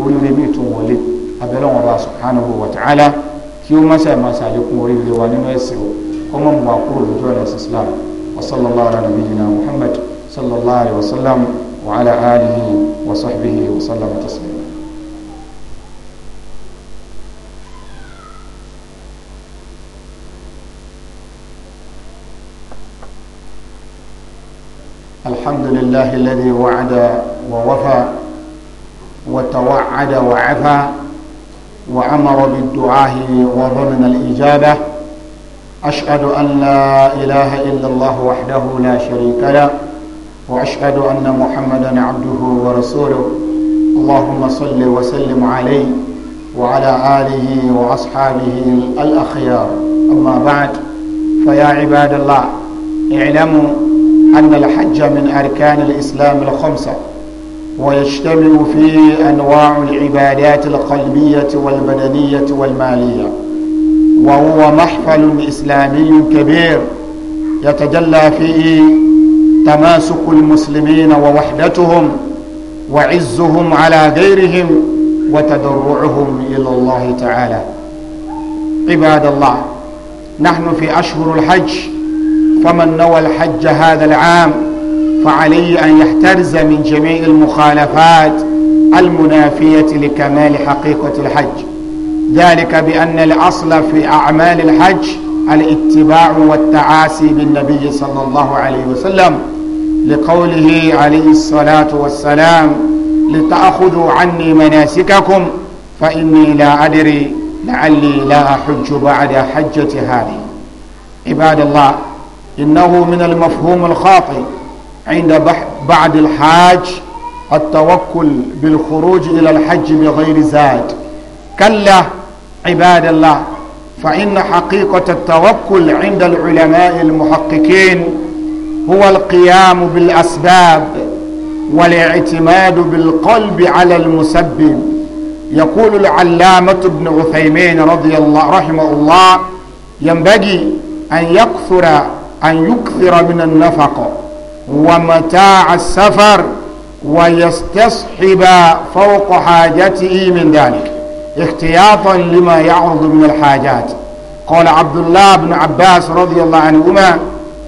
oríire mi tún wọlé abẹ́lẹ́ wọn bá subhanahu wa ta'ala kí ó máṣe àmàṣe àlékún oríire wa nínú ẹ̀sìn o kọ́ mọ́ mu àkúrò lójú ọ̀nà islam wa sallallahu ala nabiyyina muhammad sallallahu alayhi wa sallam wa ala alihi wa sahbihi wa sallama taslima. الحمد لله الذي وعد ووفى وتوعد وعفى وأمر بالدعاء وضمن الإجابة أشهد أن لا إله إلا الله وحده لا شريك له وأشهد أن محمدا عبده ورسوله اللهم صل وسلم عليه وعلى آله وأصحابه الأخيار أما بعد فيا عباد الله اعلموا أن الحج من أركان الإسلام الخمسة ويشتمل فيه أنواع العبادات القلبية والبدنية والمالية وهو محفل إسلامي كبير يتجلى فيه تماسك المسلمين ووحدتهم وعزهم على غيرهم وتضرعهم إلى الله تعالى عباد الله نحن في أشهر الحج فمن نوى الحج هذا العام فعليه أن يحترز من جميع المخالفات المنافية لكمال حقيقة الحج ذلك بأن الأصل في أعمال الحج الاتباع والتعاسي بالنبي صلى الله عليه وسلم لقوله عليه الصلاة والسلام لتأخذوا عني مناسككم فإني لا أدري لعلي لا أحج بعد حجة هذه عباد الله إنه من المفهوم الخاطئ عند بعد الحاج التوكل بالخروج إلى الحج بغير زاد كلا عباد الله فإن حقيقة التوكل عند العلماء المحققين هو القيام بالأسباب والاعتماد بالقلب على المسبب يقول العلامة ابن عثيمين رضي الله رحمه الله ينبغي أن يكثر أن يكثر من النفقة ومتاع السفر ويستصحب فوق حاجته من ذلك احتياطا لما يعرض من الحاجات قال عبد الله بن عباس رضي الله عنهما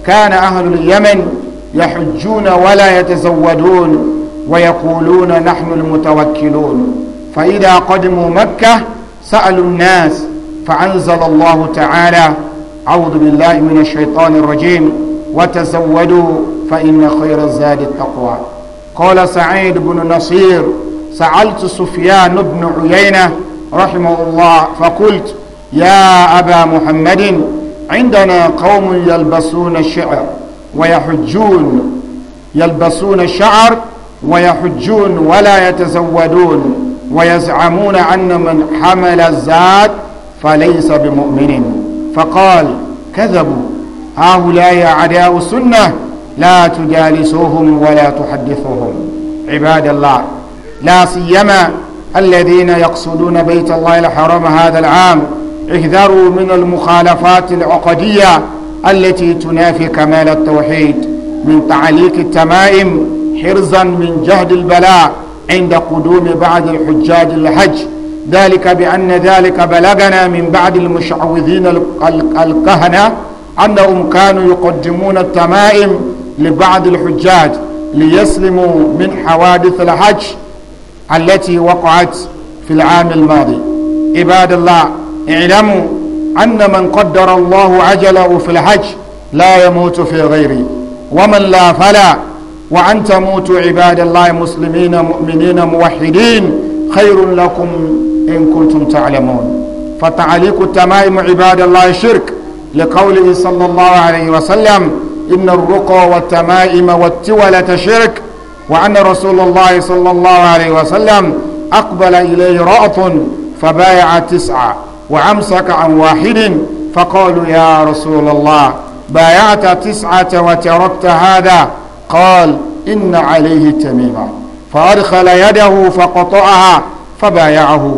كان أهل اليمن يحجون ولا يتزودون ويقولون نحن المتوكلون فإذا قدموا مكة سألوا الناس فأنزل الله تعالى أعوذ بالله من الشيطان الرجيم وتزودوا فإن خير الزاد التقوى قال سعيد بن نصير سألت سفيان بن عيينة رحمه الله فقلت يا أبا محمد عندنا قوم يلبسون الشعر ويحجون يلبسون الشعر ويحجون ولا يتزودون ويزعمون أن من حمل الزاد فليس بمؤمن فقال كذبوا هؤلاء أعداء السنة لا تجالسوهم ولا تحدثوهم عباد الله لا سيما الذين يقصدون بيت الله الحرام هذا العام احذروا من المخالفات العقدية التي تنافي كمال التوحيد من تعليق التمائم حرزا من جهد البلاء عند قدوم بعض الحجاج الحج ذلك بأن ذلك بلغنا من بعد المشعوذين الكهنة أنهم كانوا يقدمون التمائم لبعض الحجاج ليسلموا من حوادث الحج التي وقعت في العام الماضي عباد الله اعلموا أن من قدر الله عجله في الحج لا يموت في غيره ومن لا فلا وأن تموتوا عباد الله مسلمين مؤمنين موحدين خير لكم إن كنتم تعلمون فتعليق التمائم عباد الله شرك لقوله صلى الله عليه وسلم إن الرقى والتمائم والتولة شرك وأن رسول الله صلى الله عليه وسلم أقبل إليه رأط فبايع تسعة وأمسك عن واحد فقالوا يا رسول الله بايعت تسعة وتركت هذا قال إن عليه تميمة فأدخل يده فقطعها فبايعه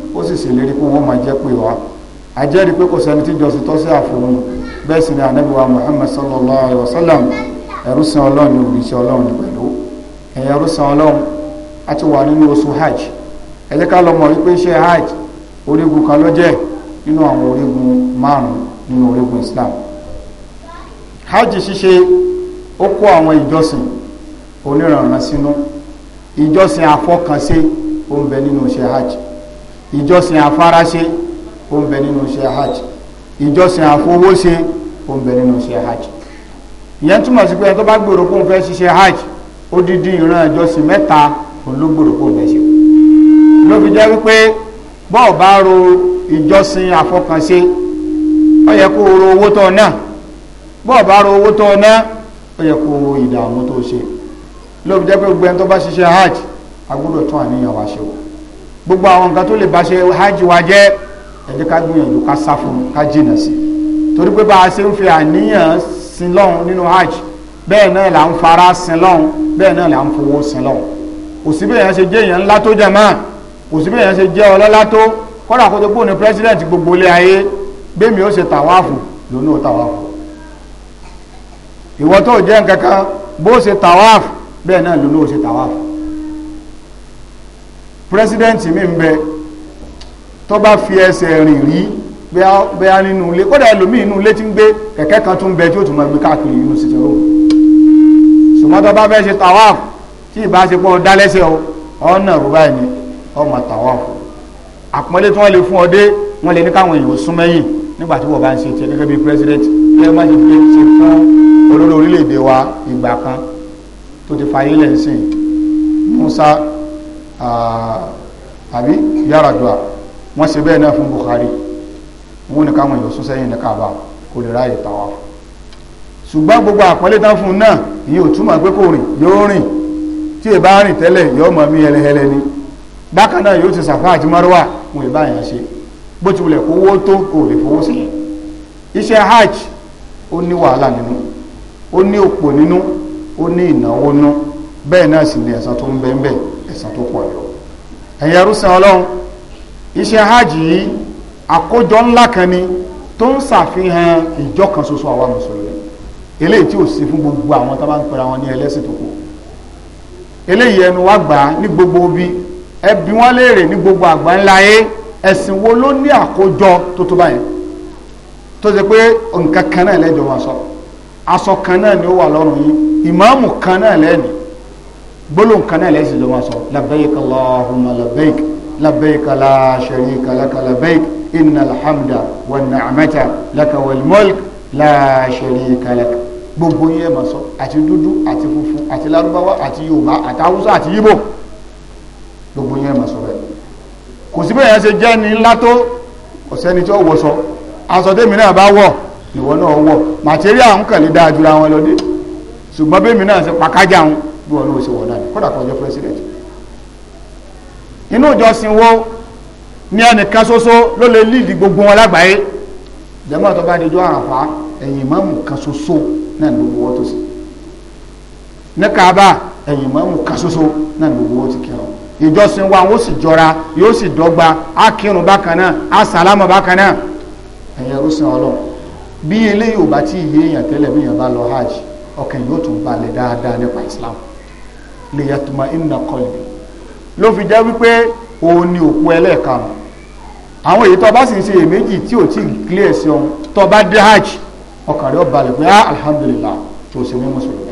ó sì ṣèlérí pé wọ́n máa jẹ́ pé wá àjẹ́rìí pé kò sẹ́ni tí jọ́sìn tọ́sí àfòun bẹ́ẹ̀ sì ni ànábì wa Muhammad sallallahu alayhi wa sallam ẹ̀rú san ọlọ́run ní òbíṣẹ́ ọlọ́run ní pẹ̀lú ẹ̀yẹ ẹ̀rú san ọlọ́run a ti wà nínú oṣù hajj ẹ ká lọ wípé iṣẹ́ hajj orígun kan ló nínú àwọn orígun márùn-ún nínú orígun Islam hajj ṣíṣe ó kó àwọn ìjọsìn oníranran sínú ìjọsìn àfọkànṣe ó ń bẹ nínú iṣẹ́ hajj ìjọsìn afọ ó ń bẹ nínú iṣẹ́ hajj ìjọsìn ó ń bẹ nínú hajj ìyẹn túmọ̀ sí pé ẹni tó bá gbèrò hajj ó dídí ìran ìjọsìn mẹ́ta òun kó ń fẹ́ ṣe ló fi jẹ́ wípé bọ́ọ̀ bá ro ìjọsìn àfọkànṣe ó yẹ kó o ro owó tọ́ náà bọ́ọ̀ bá ro owó náà ó yẹ kó ro ìdààmú tó ṣe ló fi jẹ́ pé tó bá ṣiṣẹ́ hajj tún àníyàn ṣe gbogbo àwọn nǹkan tó lè bá ṣe hajj wa jẹ́ ẹ jẹ́ ká gbìyànjú ká sá fún ká jìnà sí torí pé bá a ṣe ń fi àníyàn sin lọ́hùn nínú hajj bẹ́ẹ̀ náà là ń fara sin lọ́hùn bẹ́ẹ̀ náà là ń fowó sin lọ́hùn òsibí èèyàn ṣe jẹ́ èèyàn ńlá tó jẹ̀mọ́ òsibí èèyàn ṣe jẹ́ ọlọ́lá tó kọ́dà kó tó kó ní pírẹ́sìdẹ̀ntì gbogbo ilé ayé bẹ́ẹ̀mi ó ṣe tàwáàfù lónà ó tàwáàfù ìwọ tó jẹ́ nǹkan kan bó ṣe tàwáàfù bẹ́ẹ̀ náà lónà ó ṣe tàwáàfù pírẹsidẹ́ǹtì mi ń bẹ tó bá fi ẹsẹ̀ rìn rí bẹ́ẹ̀ nínú ilé kódà ẹlòmíì inú ilé tí ń gbé kẹ̀kẹ́ kan tún bẹ tí ó tún máa gbé káàkiri inú sí tẹ̀rọ sùmọ́tọ́ bá fẹ́ ṣe tawaf tí ìbáṣepọ̀ dálẹ́sẹ̀ o ọ̀nà rúbá ẹni ọmọ tawaf àpọ́nlé tí wọ́n lè fún ọdẹ wọ́n lè ní káwọn èèyàn sún mẹ́yìn nígbà tí wọ́n bá ń ṣe tiẹ̀ gẹ́gẹ́ bí president ẹ má ṣe fi ṣe fún olórí orílẹ̀-èdè wa ìgbà kan tó ti fayé lẹ́sìn Musa Ah, àbí Yaradua wọ́n ṣe bẹ́ẹ̀ náà fún Bukhari wọ́n ní káwọn èèyàn sún sẹ́yìn ní Kaaba kò lè ráyè tawaf ṣùgbọ́n gbogbo àpọ́nlé tán fún un náà ìyẹn ò pé kò rìn yóò rìn tí ì bá rìn tẹ́lẹ̀ yóò mọ̀ mí ẹlẹ́hẹlẹ́ ni bákan náà yóò ti Safa àti Marwa wọn ìbá yẹn ṣe bó ti wulẹ̀ kówó tó kò lè fowó sí iṣẹ́ hajj ó ní wàhálà nínú ó ní òpò nínú ó ní ìnáwó nínú bẹ́ẹ̀ náà sì ni ẹ̀san tó ń bẹ́ẹ̀ bẹ́ẹ̀ ẹ̀san tó pọ̀ yọ ẹ̀yẹ rúṣin ọlọ́run iṣẹ́ hajj yìí àkójọ ńlá kan ni tó ń ṣàfihàn ìjọ kan ṣoṣo àwa mùsùlùmí eléyìí tí ò sí fún gbogbo àwọn tó bá ń pera wọn ní ẹlẹ́sìn tó kù eléyìí ẹnu wa gbà ní gbogbo bí ẹbí wọn léèrè ní gbogbo àgbà ńlá yé ẹ̀sìn wo ló ní àkójọ tó tó báyìí tó ṣe pé nǹkan kan náà lẹ́jọ́ wọn sọ aṣọ kan náà ni ó wà lọ́rùn yín ìmáàmù kan náà lẹ́nu gbólóhùn kan náà lẹ́sìn ló wọ́n sọ labbaik allahumma labbaik labbaik la sharika laka labbaik inna alhamda wa ni'mata laka wal mulk la sharika laka gbogbo yẹn mọ̀ sọ àti dúdú àti funfun àti lárúbáwá àti yorùbá àti haúsá àti yíbò gbogbo yẹn mọ̀ sọ rẹ̀ kò sí bẹ́ẹ̀ yẹn ṣe jẹ́ ni ńlá tó tí ó wọ̀ sọ aṣọ tèmi náà bá wọ̀ ìwọ náà wọ̀ màtíríà ń kàn lè wọn lọ dé ṣùgbọ́n bẹ́ẹ̀ mi náà ṣe pàkájà wọn bí wọn ló ṣe wọ̀ náà kódà kan jẹ́ president inú ìjọsìn wo ní ẹnìkan ṣoṣo ló lè líìdì gbogbo wọn lágbàáyé jẹ́mọ́ tó bá dijọ́ àràfá ẹ̀yìn mọ́mù kan ṣoṣo náà ní gbogbo wọn tó sì ní kaaba ẹ̀yìn mọ́mù kan ṣoṣo náà ní gbogbo wọn ti kírun ìjọsìn wa ó sì jọra yóò sì dọ́gba á kírun bákan náà á sàlámù bákan náà ẹ̀yẹ ó sìn ọlọ́run bí eléyìí ò bá tí ì yé èèyàn tẹ́lẹ̀ bí èèyàn bá lọ hajj ọkàn yóò tún balẹ̀ dáadáa nípa Islam lè yàtùmọ̀ ìnà kọlùbì ló fi jẹ́ wípé òun ni òkú ẹlẹ́ẹ̀karùn àwọn èyí tó bá sì ń ṣe èméjì tí ò tí ì clear sí ọ̀hún tó bá dé hajj ọkàn rẹ̀ balẹ̀ pé ah alhamdulillah tó ṣe mí mùsùlùmí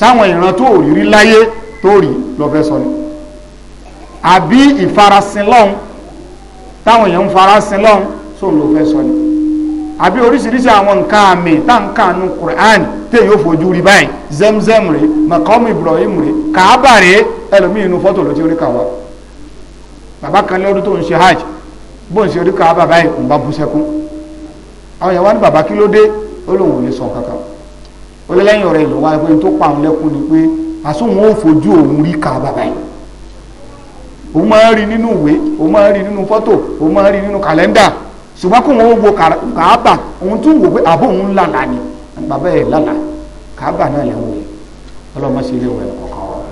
sáwọn ìran tó rí rí láyé tó rí lọ́fẹ́ sọ ni àbí ìfarasin lọ́hún táwọn èèyàn ń farasin lọ́hún sóun ló fẹ́ sọ ni àbí oríṣiríṣi àwọn nǹkan àmì táǹkà nu Qur'an tẹ̀ yóò fojú rí báyìí Zemzem rè makamu Ibrahim rè Kaaba rè ẹlòmíì inú fọ́tò ló ti rí kàwá bàbá kan lọ́dún tó ń ṣe hajj bó ń ṣe rí Kaaba báyìí ń bá bú sẹ́kún àwọn yẹn wá ní bàbá kí ló dé ó lóun ò lè sọ kankan ó lé lẹ́yìn ọ̀rẹ́ ìlú wa pé tó pa òun lẹ́kún ni pé àsóhun ó fojú òun rí Kaaba báyìí òun máa ń rí nínú ìwé òun máa ń rí nínú fọ́tò òun máa ń rí nínú kàlẹ́ndà ṣùgbọ́n kó wọn wo kàábà òun tún wò pé àbó òun lálàá ni bàbá ẹ̀ lálàá kàábà náà lè wò ọlọ́mọ sí ilé ìwẹ̀ kọ̀ọ̀kan wọn.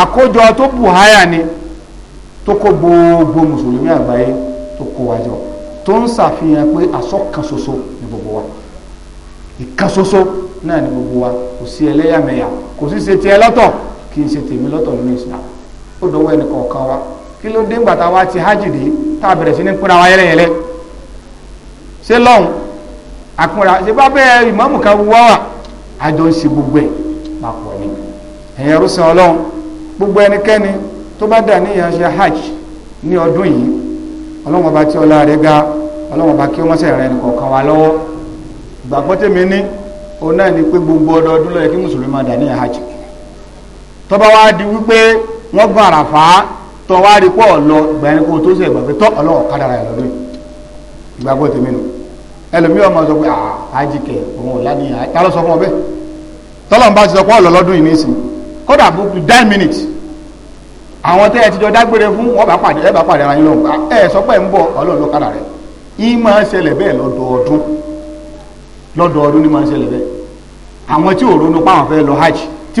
àkójọ tó bù háyà ni tó kó gbogbo mùsùlùmí àgbáyé tó kó wájọ tó ń ṣàfihàn pé àsọ̀kan ni gbogbo wa ìkan ṣoṣo náà ni gbogbo wa kò sí ẹlẹ́yàmẹ̀yà kò sí ṣe tiẹ̀ lọ́tọ̀ kì í ṣe tèmi lọ́tọ̀ nínú ìsìlá ó dọwọ́ ẹnì kọ̀ọ̀kan wa kí ló dé gbàtà wa ti hajj dé tá a bẹ̀rẹ̀ sí ní pínra wa yẹ́lẹ́yẹ́lẹ́ ṣé lọ́hùn àpínra ṣe bá bẹ́ẹ̀ ìmáàmù kan wá wà àjọ ń ṣe gbogbo ẹ̀ papọ̀ ni ẹ̀yẹ rúṣin ọlọ́run gbogbo ẹnikẹ́ni tó bá dà níyàn ṣe hajj ní ọdún yìí ọlọ́run ọba tí ọlá rẹ̀ ga ọlọ́run ọba kí wọ́n sẹ̀rẹ̀ ẹnì kọ̀ọ̀kan wa lọ́wọ́ ìgbàgbọ́ tèmi ní òun náà ni pé gbogbo ọdọọdún ló kí mùsùlùmí máa dà níyàn hajj tó bá di wípé wọ́n gbọ́n àràfàá tọ́ wá rí pọ̀ lọ ìgbà ẹni kó tó pé tọ́ ọlọ́wọ́ lọ́dún ìgbàgbọ́ tèmi nù sọ pé òun ọ̀la ni ta ló sọ fún ọ bẹ́ẹ̀ tọ́lọ́mùbá ti sọ pé ọ̀lọ́ lọ́dún yìí nísìn kódà bó ti dá àwọn tẹ́ ẹ ti jọ dágbére fún wọn bá pàdé ẹ bá pàdé ara yín lọ́wọ́ ẹ sọ pé ń bọ̀ ọlọ́run ló rẹ̀ yín máa ń ṣẹlẹ̀ bẹ́ẹ̀ lọ́dọọdún lọ́dọọdún ni hajj tí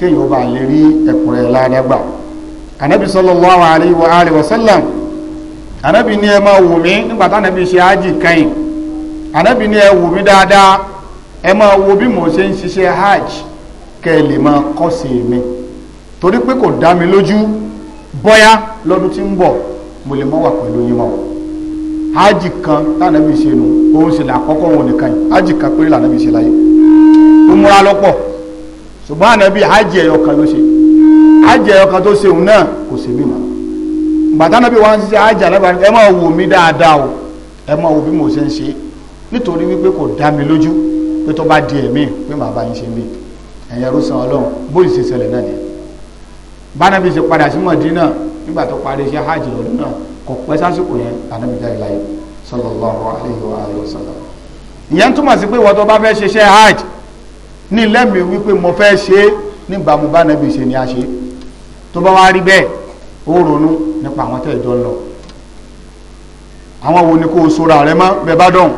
kéèyàn bá lè rí ẹ̀kúnrẹ́ ládàgbà anabi sallallahu alayhi wa alihi wa sallam anabi ní ẹ máa wù mí nígbà tí anabi ṣe ájì kẹ́yìn anabi ní ẹ wù mí dáadáa ẹ máa wo bí mo ṣe ń ṣiṣẹ́ hajj kẹ́ ẹ lè máa kọ́ sí mi torí pé kò dá mi lójú bọ́yá lọ́dún tí ń bọ̀ mo lè mọ́ wà pẹ̀lú yín mọ́ hajj kan tànàbí ṣe nu òun sì là àkọ́kọ́ òun nìkan yìí hajj kan péré lànàbí ṣe láyé ó múra lọ́pọ̀ ṣùgbọ́n ànábì hajj ẹ̀yọ kan ló ṣe hajj ẹ̀yọ kan tó ṣe òun náà kò ṣe bímọ gbàtà ànábì wọn ṣe hajj alábàá ẹ máa wò mí dáadáa o ẹ máa wò bí mo ṣe ń ṣe nítorí wípé kò dá mi lójú pé tó bá di ẹ̀mí pé màá bá yín ṣe mí ẹ̀yìn ẹ̀rú san ọlọ́run bóyì ṣe ṣẹlẹ̀ náà ni bánábì ṣe padà sí Mọ̀dínà nígbà tó parí iṣẹ́ hajj lọ́dún náà kò pẹ́ sásìkò yẹn ànábì sallallahu alaihi wasallam ìyẹn túmọ̀ sí pé wọ́n tó bá ní lẹ́mìí wípé mo fẹ́ ṣe é níbàámu bá nàbì ṣe ni a ṣe tó bá wá rí bẹ́ẹ̀ ó ronú nípa àwọn tẹ́ ìjọ lọ àwọn wo ni kó o sora rẹ mọ́ bẹ́ẹ̀ bá dọ̀hùn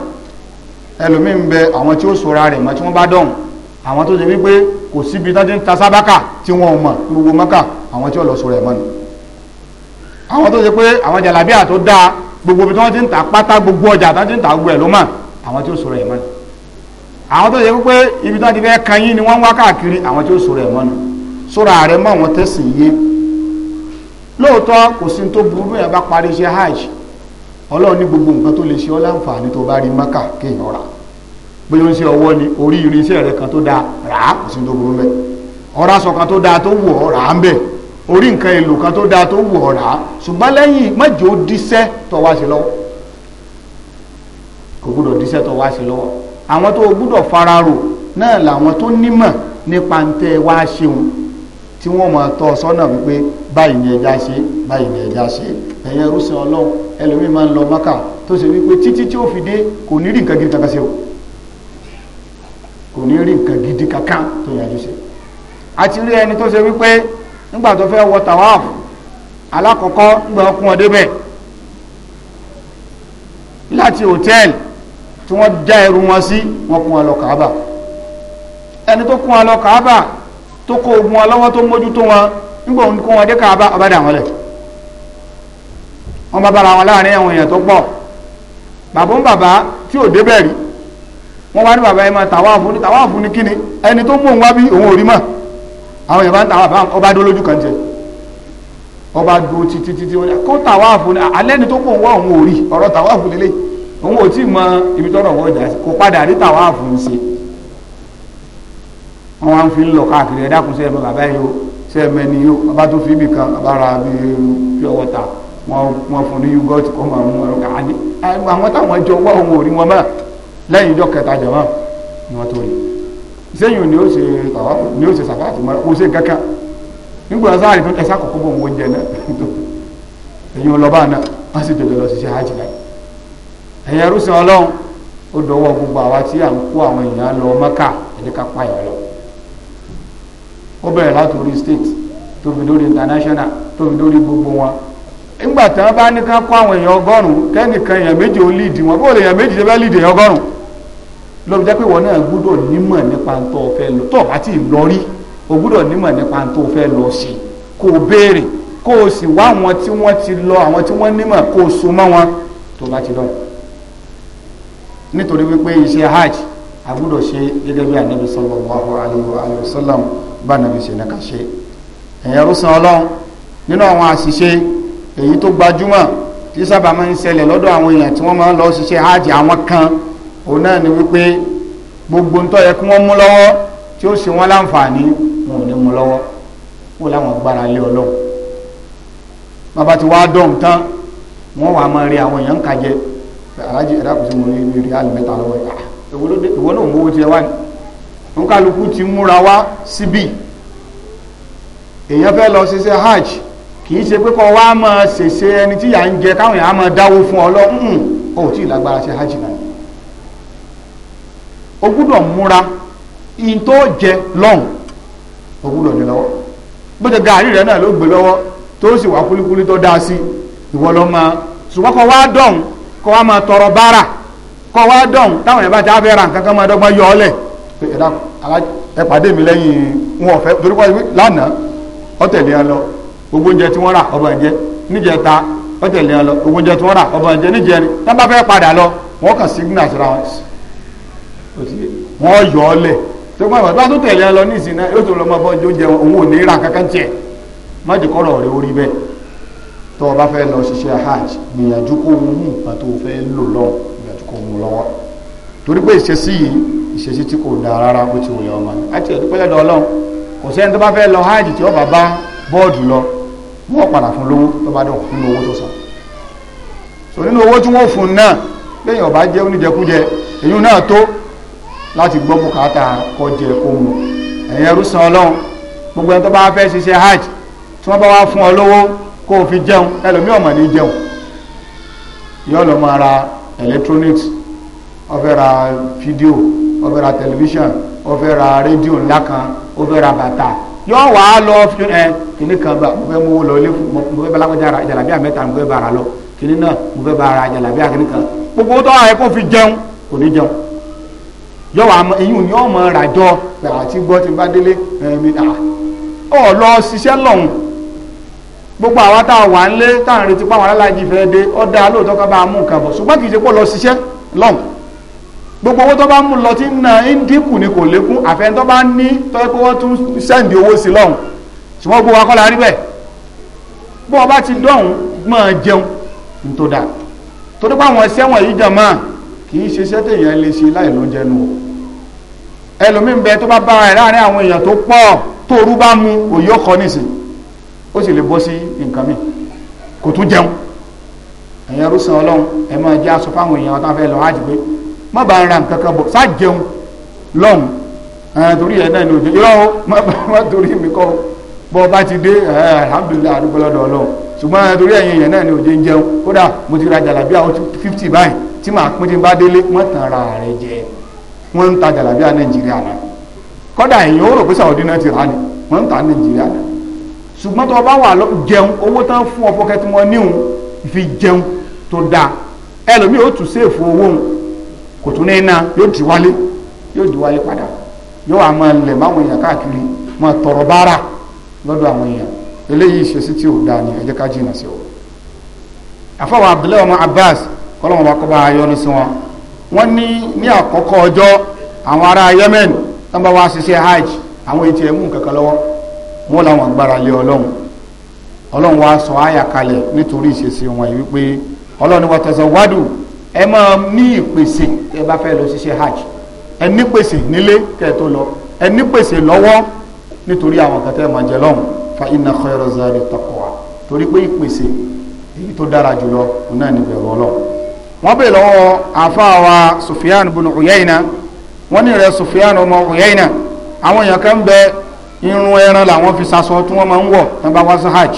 ẹlòmíín bẹ àwọn tí ó sora rẹ̀ mọ́ tí wọ́n bá dọ̀hùn àwọn tó ṣe wípé kò síbi tó ti ń ta sábàkà tí wọn ò mọ̀ gbogbo mọ́kà àwọn tí ó lọ sora ẹ̀ mọ́ ni àwọn tó ṣe pé àwọn jàlábíà tó dáa gbogbo ibi tí wọ́n ti ń ta pátá gbogbo ọjà tó ń ta gbogbo ẹ̀ ló mọ̀ àwọn tí ó sora ẹ̀ mọ́ ni àwọn tó yẹ pé ibi tó ti fẹ́ kan yín ni wọ́n wá káàkiri àwọn tí ó sọ̀rọ̀ ẹ̀ mọ́nu sọ̀rọ̀ ààrẹ mọ́ àwọn tẹ̀sìn yé lóòótọ́ kò sí tó burú bẹ́ẹ̀ bá parí iṣẹ́ hajj ọlọ́run ní gbogbo nǹkan tó lè ṣe ọ́ láǹfààní tó bá rí kéèyàn rà ó ń ṣe ọwọ́ ni orí irinṣẹ́ rẹ kan tó da rà á kò sí tó burú bẹ́ẹ̀ ọ̀rá kan tó tó wù ọ́ rà á àwọn tó gbúdọ̀ fararò náà làwọn tó nímọ̀ nípa ń tẹ́ wá ṣeun tí wọ́n mọ̀ tọ́ sọ́nà wípé báyìí ni ẹja ṣe báyìí ni ẹja ṣe ẹ̀yẹ rúṣin ọlọ́run ẹlòmíì máa ń lọ mọ́kà tó ṣe wípé títí tí ó fi dé kò ní rí nǹkan gidi kankan ṣe o kò ní rí nǹkan gidi kankan tó yàjú ṣe a rí ẹni tó ṣe wípé nígbà tó fẹ́ wọ tàwáàfù alákọ̀ọ́kọ́ nígbà ọkùn ọdẹ bẹ́ẹ̀ láti hòtẹ́ẹ̀lì tí wọ́n já ẹrù wọn sí wọ́n kún wọn lọ kàábà ẹni tó kún wọn lọ kàábà tó kó ogun wọn lọ́wọ́ tó mójútó wọn nígbà òun kó wọn dé kàábà ọ̀bádà wọn lẹ̀ wọ́n bá bára wọn láàrin àwọn èèyàn tó pọ̀ bàbá ń bàbá tí ò débẹ̀ rí wọ́n wá ní bàbá yẹn máa tàwáàfù ní tàwáàfù ní kíni ẹni tó mú òun wá bí òun ò rí mọ́ àwọn èèyàn bá ń tàwáàfù ọba dó lójú kan jẹ ọba dó títí títí kó tàwáàfù ní alẹ́ ni tó mú òun wá òun ò rí ọ̀rọ̀ tàwáàfù lélẹ́yìí òun ò tí mọ ibi tọ́rọ̀ wọ́n jà sí kò padà rí tàwa fún un ṣe wọ́n wá ń fi ń lọ káàkiri ẹ̀dá kùn sẹ́ẹ̀mọ bàbá yìí ó sẹ́ẹ̀mọ ẹni yìí ó bàbá tó fi ibì kan bàbá ra bí pure water wọ́n fún ní yúgọ́tì kọ́ máa mú ọ̀rọ̀ káàdé àwọn táwọn jọ wá òun ò rí wọn mọ́ lẹ́yìn ìjọ kẹta jọ̀mọ́ ni wọ́n tó rí sẹ́yìn ni ó ṣe tàwa ni ó ṣe sàfàtì mọ́ kó ṣe kankan nígbà sáà rí tó ẹ̀sà kọ̀kọ́ bò ń wọ́n jẹ náà ẹ̀yìn ọlọ́ba náà wọ́n sì jọjọ lọ ṣiṣẹ́ hajj náà ẹ̀yẹ rúṣin ọlọ́run ó dọwọ́ gbogbo àwa tí à ń kó àwọn èèyàn lọ mọ́kà ẹ̀dẹ́ka pààyàn lọ ó bẹ̀rẹ̀ látòrí state tóbi lórí international tóbi lórí gbogbo wọn nígbà tí wọ́n bá ní ká kó àwọn èèyàn ọgọ́rùn-ún kẹ́nìkan èèyàn méjì ó líìdì wọn bóòlù èèyàn méjì ṣe fẹ́ líìdì èèyàn ọgọ́rùn-ún lóbi jẹ́ pé wọn náà gbúdọ̀ nímọ̀ nípa tó o fẹ́ lọ tó o bá ti lọ rí o gbúdọ̀ nímọ̀ nípa tó o fẹ́ lọ sí kó o béèrè kó o sì wá àwọn tí wọ́n ti lọ àwọn tí wọ́n nímọ̀ kó o so mọ́ wọn tó o bá ti lọ nítorí wípé iṣẹ́ hajj agbúdọ̀ ṣe gẹ́gẹ́ bí anabi sallallahu alayhi wa sallam bá anabi ṣe ní ká ṣe ẹ̀yẹ rúsan ọlọ́run nínú àwọn àṣìṣe èyí tó gbajúmọ̀ tí sábà máa ń ṣẹlẹ̀ lọ́dọ̀ àwọn èèyàn tí wọ́n máa ń lọ ṣiṣẹ́ hajj àwọn kan òun náà ni wípé gbogbo ń tó yẹ kí wọ́n mú lọ́wọ́ tí ó ṣe wọ́n láǹfààní wọn ò ní mú lọ́wọ́ wọ́n láwọn gbára lé ọlọ́run bàbá ti wá dọ̀m wọ́n wàá máa rí àwọn èèyàn ń kàjẹ́ alájí ẹ̀dá kò sí mo ní ibi rí àlùmẹ́ta lọ́wọ́ yà ìwọ ah, náà mú owó tiẹ̀ wá ní nkálukú ti múra wá síbí èèyàn fẹ́ lọ ṣiṣẹ́ hajj kì í ṣe pé kọ́ wá máa ṣèṣe ẹni tí yà ń jẹ káwọn èèyàn máa dáwó fún ọ lọ ò tí ì lágbára ṣe hajj náà o gbúdọ̀ múra in tó jẹ lọ́hùn o gbúdọ̀ ní lọ́wọ́ bó ṣe gàárì rẹ náà ló gbé lọ́wọ́ tó sì wá kúlíkúlí tó dáa sí ìwọ lọ́ọ́ máa ṣùgbọ́n kọ́ wá dọ̀hùn kọ́ wa máa tọrọ bára kọ́ wa dọ̀hún táwọn yẹn bá já fẹ́ ra nǹkan kan máa dọ́gbọ́n yọ ọ́ lẹ̀ ẹ pàdé mi lẹ́yìn wọn ọ̀fẹ́ torí pé lánàá ọ̀tẹ̀lẹ̀ ẹ lọ gbogbo oúnjẹ tí wọ́n rà ọba ẹ̀jẹ̀ níjẹta ọ̀tẹ̀lẹ̀ ẹ lọ gbogbo oúnjẹ tí wọ́n rà ọba ẹ̀jẹ̀ níjẹrin tá bá fẹ́ padà lọ wọ́n kàn signal ra wọn wọ́n yọ ọ́ lẹ̀ tó gbọ́n tó tẹ̀lé ẹ lọ ní ìsìn náà yóò tó lọ́mọ bọ́ọ̀jọ́ oúnjẹ òun ò ní ra kankan tiẹ̀ má jẹ́ kọ́rọ̀ orí bẹ́ẹ̀ tó o bá fẹ́ lọ ṣiṣẹ́ hajj gbìyànjú kó o mú nǹkan tó o fẹ́ lò lọ gbìyànjú kó o mú lọ́wọ́ torí pé ìṣesí yìí ìṣesí tí kò dáa rárá bó ti wòye ọmọ ni àti ẹ̀dúpẹ́ lẹ́dọ̀ ọlọ́run kò sẹ́ni tó bá fẹ́ lọ hajj tí ọba bá bọ́ọ̀dù lọ wọ́n padà fún lówó tó bá dọ̀ nínú owó tó san so nínú owó tí wọ́n fún náà lẹ́yìn ọba jẹ́ oníjẹkújẹ èyí náà tó láti gbọ́ bùkátà kọjẹ kó mu ẹ̀yẹrú san ọlọ́run gbogbo ẹni tó bá fẹ́ ṣiṣẹ́ hajj tí wọ́n bá wá fún ọ lówó kó o fi jẹun ẹlòmíì ọmọ ní jẹun yóò lọ máa ra electronics ó fẹ́ ra fídíò ó fẹ́ ra tẹlifíṣàn ó fẹ́ ra rédíò ńlá kan ó fẹ́ ra bàtà yóò wá lọ fi ẹ kìnnì kan bá mo fẹ́ mú lọ ilé fún mo fẹ́ bá lágbájá jàlábíà mẹ́ta mo fẹ́ bá ara lọ kìnnì náà mo fẹ́ bá ara jàlábíà kìnnì kan gbogbo tó ààrẹ kó fi jẹun kò ní jẹun yóò wá eyín ni ọmọ ràjọ àti gbọ́ ti bá délé ẹ̀mí ọ lọ ṣiṣẹ́ lọ́hùn gbogbo àwa tá a wà ń lé tá à ń retí pàwọn aláàjì fẹ́ dé ó dáa lóòótọ́ ká bá a mú nǹkan bọ̀ ṣùgbọ́n kì í ṣe pọ̀ lọ ṣiṣẹ́ lọ́n gbogbo owó tó bá mú lọ tí ń na ń dínkù ni kò lékún àfẹn tó bá ní tọ́jú pé wọ́n tún sẹ́ǹdì owó sí lọ́hùn ṣùgbọ́n gbogbo wa kọ́ la rí bẹ́ẹ̀ bó o bá ti dọ̀hún máa jẹun nítòdà torí pé àwọn ẹsẹ̀ wọ̀nyí jàmá kì í ṣe iṣẹ́ téèyàn lè ṣe láì mu òye ọkọ ó sì lè bọ́ sí nǹkan mi kò tún jẹun ẹ̀yin arúsàn ọlọ́run ẹ máa jẹ́ aṣọ fáwọn èèyàn tó ń fẹ́ lọ hajj pé má bàa ra nǹkan kan bọ̀ sá jẹun lọ́hùn ẹ̀ torí ẹ̀ náà ní òjò yọ ọ́ má bàa torí mi kọ́ bọ́ bá ti dé ẹ̀ alhamdulilayi àdúgbò lọ́dọ̀ ọlọ́run ṣùgbọ́n torí ẹ̀yin èèyàn náà ní òjò ń jẹun kódà mo ti ra jàlábíà ó tún fifty báyìí tí màá pín tí n bá délé wọ́n tan ara rẹ̀ jẹ wọ́n ń ta jàlábíà nàìjíríà náà kódà èèyàn ó rò pé sàwọ́dí náà ti rà ní wọ́n ń ta nàìjíríà náà ṣùgbọ́n tó o bá wà jẹun owó tán fún ọ pocket money níhùn fi jẹun tó dáa ẹlòmíì ó tún sèèfù owó òun kò tún ní iná yóò di wálé yóò di wálé padà yóò wà máa lẹ̀ máwọn èèyàn káàkiri máa tọrọ báárà lọ́dọ̀ àwọn èèyàn eléyìí ìṣesí tí ò dáa ni ẹ jẹ́ ká jìnnà sí ọ. àfọwọ́ abdullahi ọmọ abbas kọ́lọ́mọ bá kọ́ bá yọnu sí wọn wọ́n ní ní àkọ́kọ́ ọjọ́ àwọn ará yemen tó ń bá wá ṣiṣẹ́ hajj àwọn ètò ẹ̀mú kankan lọ́wọ́ wọ́n làwọn agbára lé ọlọ́run ọlọ́run wa sọ àyà kalẹ̀ nítorí ìṣesí wọn yìí wípé ọlọ́run wa tẹ̀sán wádù ẹ máa ní ìpèsè ẹ bá fẹ́ lọ ṣiṣẹ́ hajj ẹ ní pèsè nílé kẹ́ ẹ tó lọ ẹ ní pèsè nítorí àwọn kan máa jẹ lọ́hùn fa inna khayra zadi taqwa torí pé ìpèsè èyí tó dára jùlọ òun náà ní bẹ̀rù ọlọ́run wọ́n bèèrè lọ́wọ́ àáfàá wa Sufyan bin Uyayna wọ́n ní rẹ̀ Sufyan ọmọ Uyayna àwọn èèyàn kan bẹ́ẹ̀ irun ẹran làwọn fi ṣaṣọ tí wọ́n máa ń wọ̀ tán bá wá sí hajj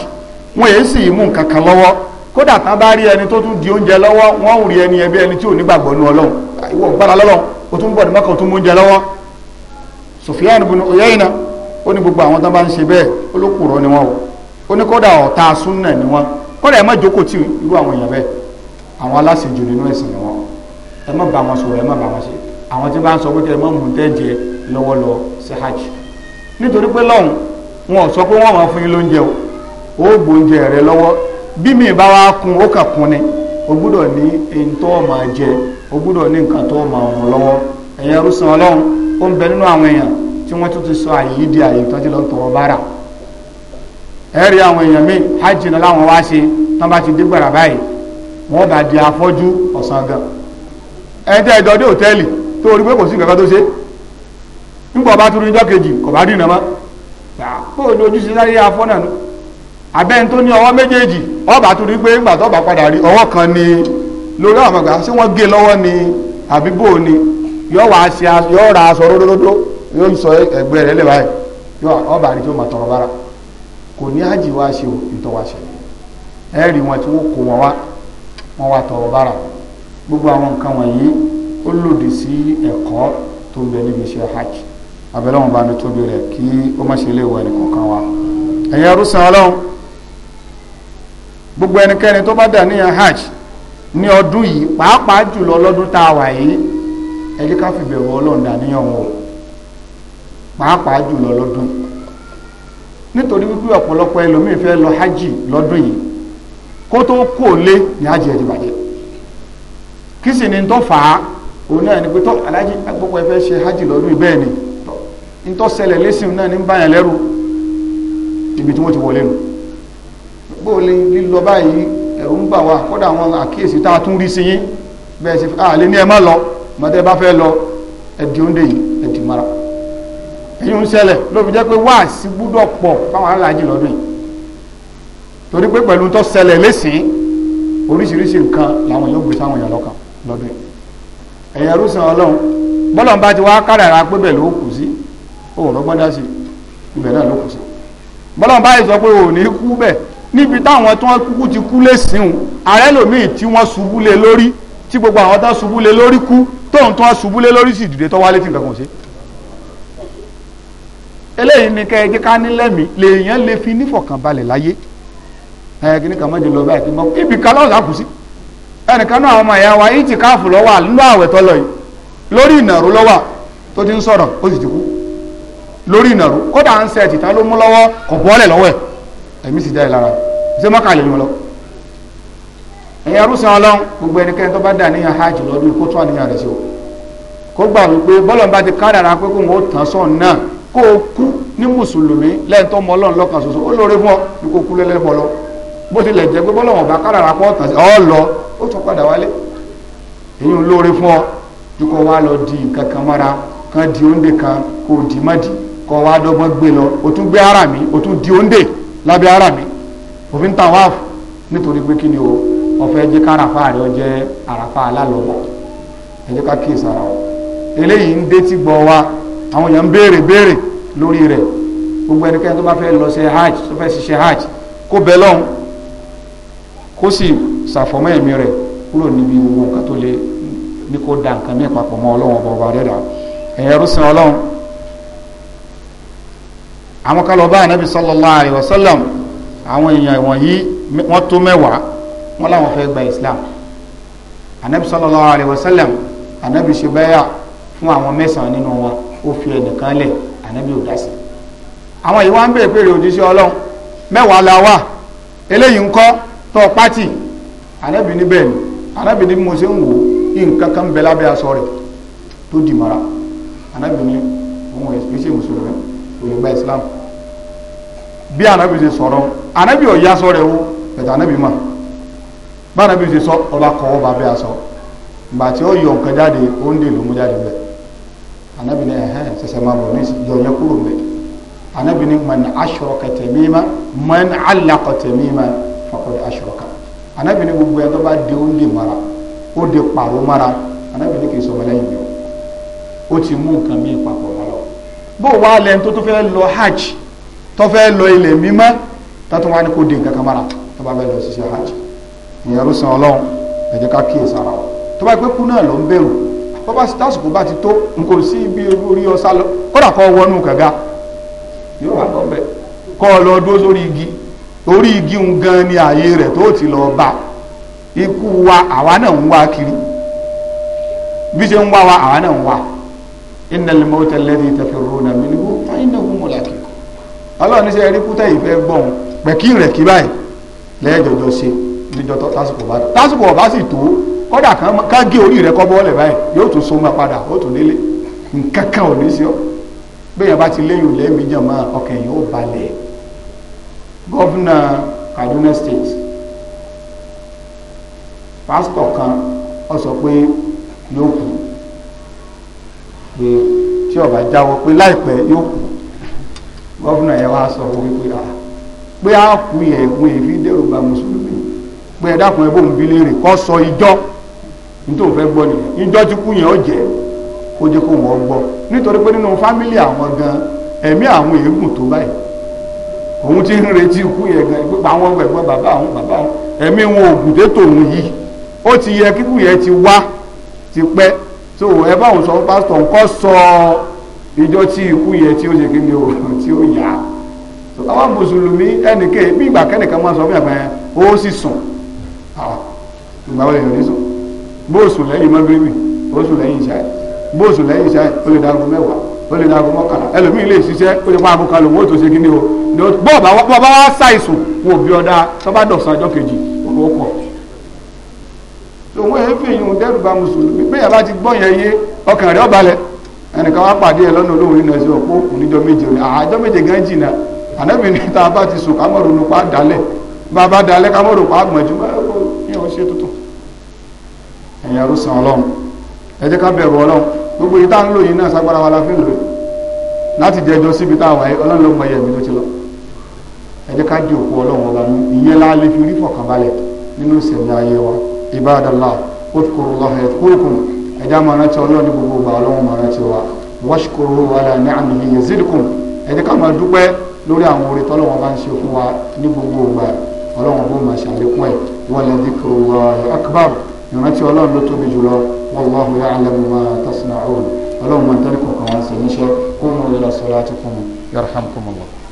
wọn èyí sì mú nǹkan kan lọ́wọ́ kódà tán bá rí ẹni tó tún di oúnjẹ lọ́wọ́ wọ́n ò rí ẹni ẹbí ẹni tí ò nígbàgbọ́ nu ọlọ́run ìwọ gbára lọ́lọ́run ó tún bọ̀ ní mọ́kàn tó mú oúnjẹ lọ́wọ́ Sufyan ibn Uyayna ó ní gbogbo àwọn tán bá ń ṣe bẹ́ẹ̀ olókùrọ̀ ni wọ́n o ó ní kódà ọ̀tá súnnà ni wọ́n kódà ẹ má jókòó tí irú àwọn èèyàn bẹ́ẹ̀ àwọn aláṣejù nínú ẹ̀sìn ni wọ́n ẹ má bá wọn sọ̀rọ̀ ẹ má bá wọn ṣe àwọn tí bá ń sọ pé kí ẹ má mú tẹ́ jẹ lọ́wọ́ sí hajj nítorí pé lọ́hùn wọn ò sọ pé wọ́n máa fún yín lóúnjẹ o ó gbóúnjẹ rẹ lọ́wọ́ bí mi bá wá kun ó kàn kun ni o gbúdọ̀ ní ẹni tó máa jẹ o gbúdọ̀ ní nǹkan tó máa rùn lọ́wọ́ ẹ̀yin arúsàn ọlọ́run ó ń bẹ nínú àwọn èèyàn tí wọ́n tún ti sọ àyè yìí di àyè tó ti lọ tọrọ bára ẹ rí àwọn èèyàn míì hajj náà láwọn wá ṣe tán bá ti dé gbàrà báyìí wọ́n bá di afọ́jú ọ̀sán gan ẹ̀ ń ẹjọ́ dé hòtẹ́ẹ̀lì tó rí pé kò sí nǹkan kan tó ṣe é nígbà ọba tó níjọ́ kejì ọba bá mọ́ bó ni ojúṣe láyé afọ́nà nù abẹ́ni tó ní ọwọ́ méjèèjì ọba tó rí pé ńgbà tó bá padà kan ni lórí àwọn àgbà ṣé wọ́n gé lọ́wọ́ ni àbí bó ni yóò wá ṣe ra aṣọ sọ ẹgbẹ́ lè báyìí ọba máa tọrọ bára kò ní o ẹ rí wọn tí wọ́n kó wọn abẹ́lẹ́wọ̀n bá ní tóbi rẹ̀ kí ó má ṣe lè wọ ẹnìkọ̀ọ̀kan wa arúsàn ọlọ́run gbogbo ẹnikẹ́ni tó bá dà níyàn hajj ní ọdún yìí pàápàá jùlọ lọ́dún tá a wà yìí ẹ jẹ́ ọlọ́run dàníyàn wọn o lọ hajj lọ́dún yìí kó tó hajj kí sì ni tó fà á òun náà ni pé tó alájí gbogbo ni ntọ́sẹlẹ̀ lẹ́sìn náà ní báyàn lẹ́rù ibi tí wọ́n ti wọlé nù gbóòlé lílọ báyìí ẹ̀rù ń bà wá kódà àwọn àkíyèsí tá a tún rí sí yín bẹ́ẹ̀ sì àlè ní ẹ má lọ mọ̀tẹ́ bá fẹ́ lọ ẹ̀dì oúnjẹ yìí ẹ̀dì mara èyí ń ṣẹlẹ̀ ló fi jẹ́ pé wáàsí gbúdọ̀ pọ̀ fáwọn aláàjì lọ́dún yìí torí pé pẹ̀lú tó lẹ́sìn oríṣiríṣi nǹkan làwọn yóò gbé sáwọn èèyàn lọ́kàn lọ́dún yìí ẹ̀yìn òòrọ̀ gbọ́dá sí ibẹ̀ náà ló kù sí bọ́lá báyìí sọ pé ò ní kú bẹ̀ níbi táwọn tí wọ́n kúkú ti kú lé síhun ààrẹ lòmíì tí wọ́n ṣubú lé lórí tí gbogbo àwọn tó ṣubú lé lórí kú tóun tó ṣubú lé lórí sì dìde tó wálé tí nǹkan kò ṣe eléyìí ni kẹ́ ẹ jẹ́ ká ní lẹ́mìí lèèyàn lè fi nífọ̀kànbalẹ̀ láyé ẹ kí ni kàmá jẹ lọ báyìí kí n bọ́ ibi kan lọ́sàá kù sí ẹnìkan náà ọmọ ìyá wa yìí ti káàfù lọ́wọ́ àlùlọ́ àwẹ̀ tọ́lọ yìí lórí ìnàró lọ́wọ́ tó ti ń sọ̀rọ̀ ó sì ti kú lórí ìnàró kódà à ń sẹ ẹtìta ló mú lọ́wọ́ kò bọ́ọ̀lẹ̀ lọ́wọ́ ẹ̀ ẹ̀mí sì dá ẹ lára ṣé mọ́kà lè mú lọ. ẹ̀yin arúsàn ọlọ́run gbogbo ẹnikẹ́ni tó bá dà níyàn hajj lọ́dún kó tún àníyàn rẹ̀ sí o kó gbà wípé bọ́lọ̀ bá ti kádàrá pé kó wọn ó o kú ní mùsùlùmí lẹ́yìn tó mọ ọlọ́run lọ́kàn ṣoṣo ó lóore fún ọ ní kó kú lọ kan di oúnjẹ kan kò má di. kọ́ wa dọ́gbọ́n gbé lọ o tún gbé ara mi o tún di òǹdè lábẹ́ ara mi òfin tàn wá nítorí pé kí ni o ọ̀fẹ́ jẹ́ kárafa rẹ̀ ọ jẹ́ àràfà alálọ́bọ̀ ẹ jẹ́ ká kíyèsí ara wa eléyìí ń dé tí gbọ́ wa àwọn èèyàn ń béèrè béèrè lórí rẹ̀ gbogbo ẹnikẹ́ni tó bá fẹ́ lọ ṣe hajj tó fẹ́ ṣiṣẹ́ hajj kó bẹ lọ́hùn kó sì ṣàfọ̀mọ́ ẹ̀mí rẹ̀ kúrò níbi gbogbo nǹkan tó lè ní kó da nǹkan mí àwọn kan lọ bá anabi sallallahu alayhi wa sallam àwọn èèyàn wọ̀nyí wọ́n tó mẹ́wàá wọ́n làwọn fẹ́ gba islam anabi sallallahu alayhi wa sallam anabi ṣe báyà fún àwọn mẹ́sàn-án nínú wọn ó fi ẹnìkan lẹ̀ anabi ò dá sí àwọn yìí wọ́n ń bèèrè pèrè òjíṣẹ́ ọlọ́run mẹ́wàá la wà eléyìí ń kọ́ tọ́ pátì anabi ní bẹ́ẹ̀ ni ní mo ń wò ó nǹkan kan kò lè gba islam bí anabi ṣe sọ̀rọ̀ anabi ò yasọ rẹ̀ o bẹ̀tẹ̀ anabi mà bá anabi ṣe sọ ọba kọ́ ọba bẹ́ẹ̀ aṣọ ìgbà tí ó yọ nǹkan jáde ó ń dè ló mú jáde bẹ́ẹ̀ anabi ní ẹ̀hẹ́n ṣẹ̀ṣẹ̀ máa bọ̀ ní yọ yẹn kúrò mẹ́ anabi ní man ashraka tamima man allaqa tamima faqad ashraka anabi ní gbogbo ẹ̀ tó bá de ó ń dè mara ó de pàrọ̀ mara anabi ní kì í sọ bó wà lẹ́yìn tó lọ hajj tó fẹ́ lọ ilẹ̀ mímọ́ tátún wá ní kó di mara lọ hajj ìyẹn ló ọlọ́run ẹ ká kíyè sára o tó bá pẹ́ kú náà ti tó nǹkan sí ibi orí ọ̀sá lọ kódà kọ́ wọnú yóò wà lọ́bẹ̀ kọ́ ọ lọ dúró sórí igi orí igi ń gan ni ààyè rẹ̀ tó wa àwa náà ń kiri bí ṣe wa àwa náà ń innal mawta alladhi tafirruna minhu fa innahu mulaqikum ọlọ́run ṣe rí kúta ìfẹ́ gbọ́n pẹ̀kí rẹ̀ kí báyìí lẹ́ẹ̀jọjọ ṣe níjọ tó tásìkò bá tásìkò ọba sì tó kódà ká gé orí rẹ̀ kọ́ bọ́ọ̀lẹ̀ báyìí yóò tún so máa padà ó tún délé nǹkan kan ò ní bá ti léyìn lẹ́ẹ̀mí jàn máa ọkàn yìí ó balẹ̀ Kaduna State pásítọ̀ kan ó pé yóò kú pé tí ọba jáwọ́ pé láìpẹ́ yóò kú gọ́fúnà yẹn wá sọ wípé à ah, pé á kú yẹn gun èéfín dèrò bá mùsùlùmí pé ẹ dákun ẹ bóun bí léèrè kọ́ sọ ìjọ nítorí fẹ́ gbọ́ nìyẹn ìjọ tí kú yẹn ó jẹ́ ó jẹ́ kó wọ́n gbọ́ nítorí pé nínú fámílì àwọn gan ẹ̀mí àwọn èégún tó báyìí òun ti ń retí ikú yẹn gan pé àwọn ẹ̀gbọ́n bàbá àwọn bàbá àwọn wọn ò tòun yìí ó ti yẹ kíkú yẹn ti wá ti pẹ́ so ẹ bá òun sọ pásítọ̀ nǹkan sọ ìjọ tí ikú yẹ tí ó ṣe kí ni o tí ó yá so àwọn mùsùlùmí ẹnìkẹ́ bí ìgbà kẹ́nìkan máa sọ fún ìgbà yẹn ó sì sùn ah, ìgbà wọlé yẹn ò ní sùn bóòsù lẹ́yìn mọ́gírìbì bóòsù lẹ́yìn ìṣáì bóòsù lẹ́yìn ìṣáì ó lè dáago mẹ́wàá ó lè dáago mọ́kànlá ẹlòmíì lè ṣiṣẹ́ ó lè pa àbúkà lòun ó tó ṣe kí ni o bọ́ọ̀ bá wá ṣàìsùn wọn ò bí ọ̀dà tó bá dọ̀sán ọjọ́ kejì ó lọ́kọ̀ọ́ so onwe yẹn fi èyàn dẹ́rù bá mùsùlùmí bẹ́ẹ̀ bá ti gbọ́ yẹn yé ọkàn rẹ̀ ọ̀balẹ̀ ẹnìkan wá pàdé ẹ lọ́nà olóhùn iná sí ọ̀pọ̀ òkú níjọ́ méje rẹ̀ àjọ méje gan jìnnà ànábì ní ta bá ti sùn kámọ́rò ló pa dalẹ̀ bá bá dalẹ̀ kámọ́rò pa àgbọ̀njú ṣe tuntun ọlọ́run ká bẹ̀rù ọlọ́run gbogbo yìí tá ibadallah udkurullah yadkurkum ẹ̀dá máa rántí ọlọ́run ní gbogbo ìgbà ọlọ́run máa rántí wa washkuru ala ni'amihi yazidkum ẹ̀dá ká máa dúpẹ́ lórí àwọn orí tọ́lọ́wọ́n bá ń ṣe fún wa ní gbogbo ìgbà ọlọ́run bó máa ṣàlékún ẹ̀ wala dhikrullahi akbar ìrántí ọlọ́run ló tóbi jùlọ wallahu ya'lamu ma tasna'un ọlọ́run máa ń tẹ́lẹ̀ kọ̀ọ̀kan wá sí ila salatikum yarhamkumullah.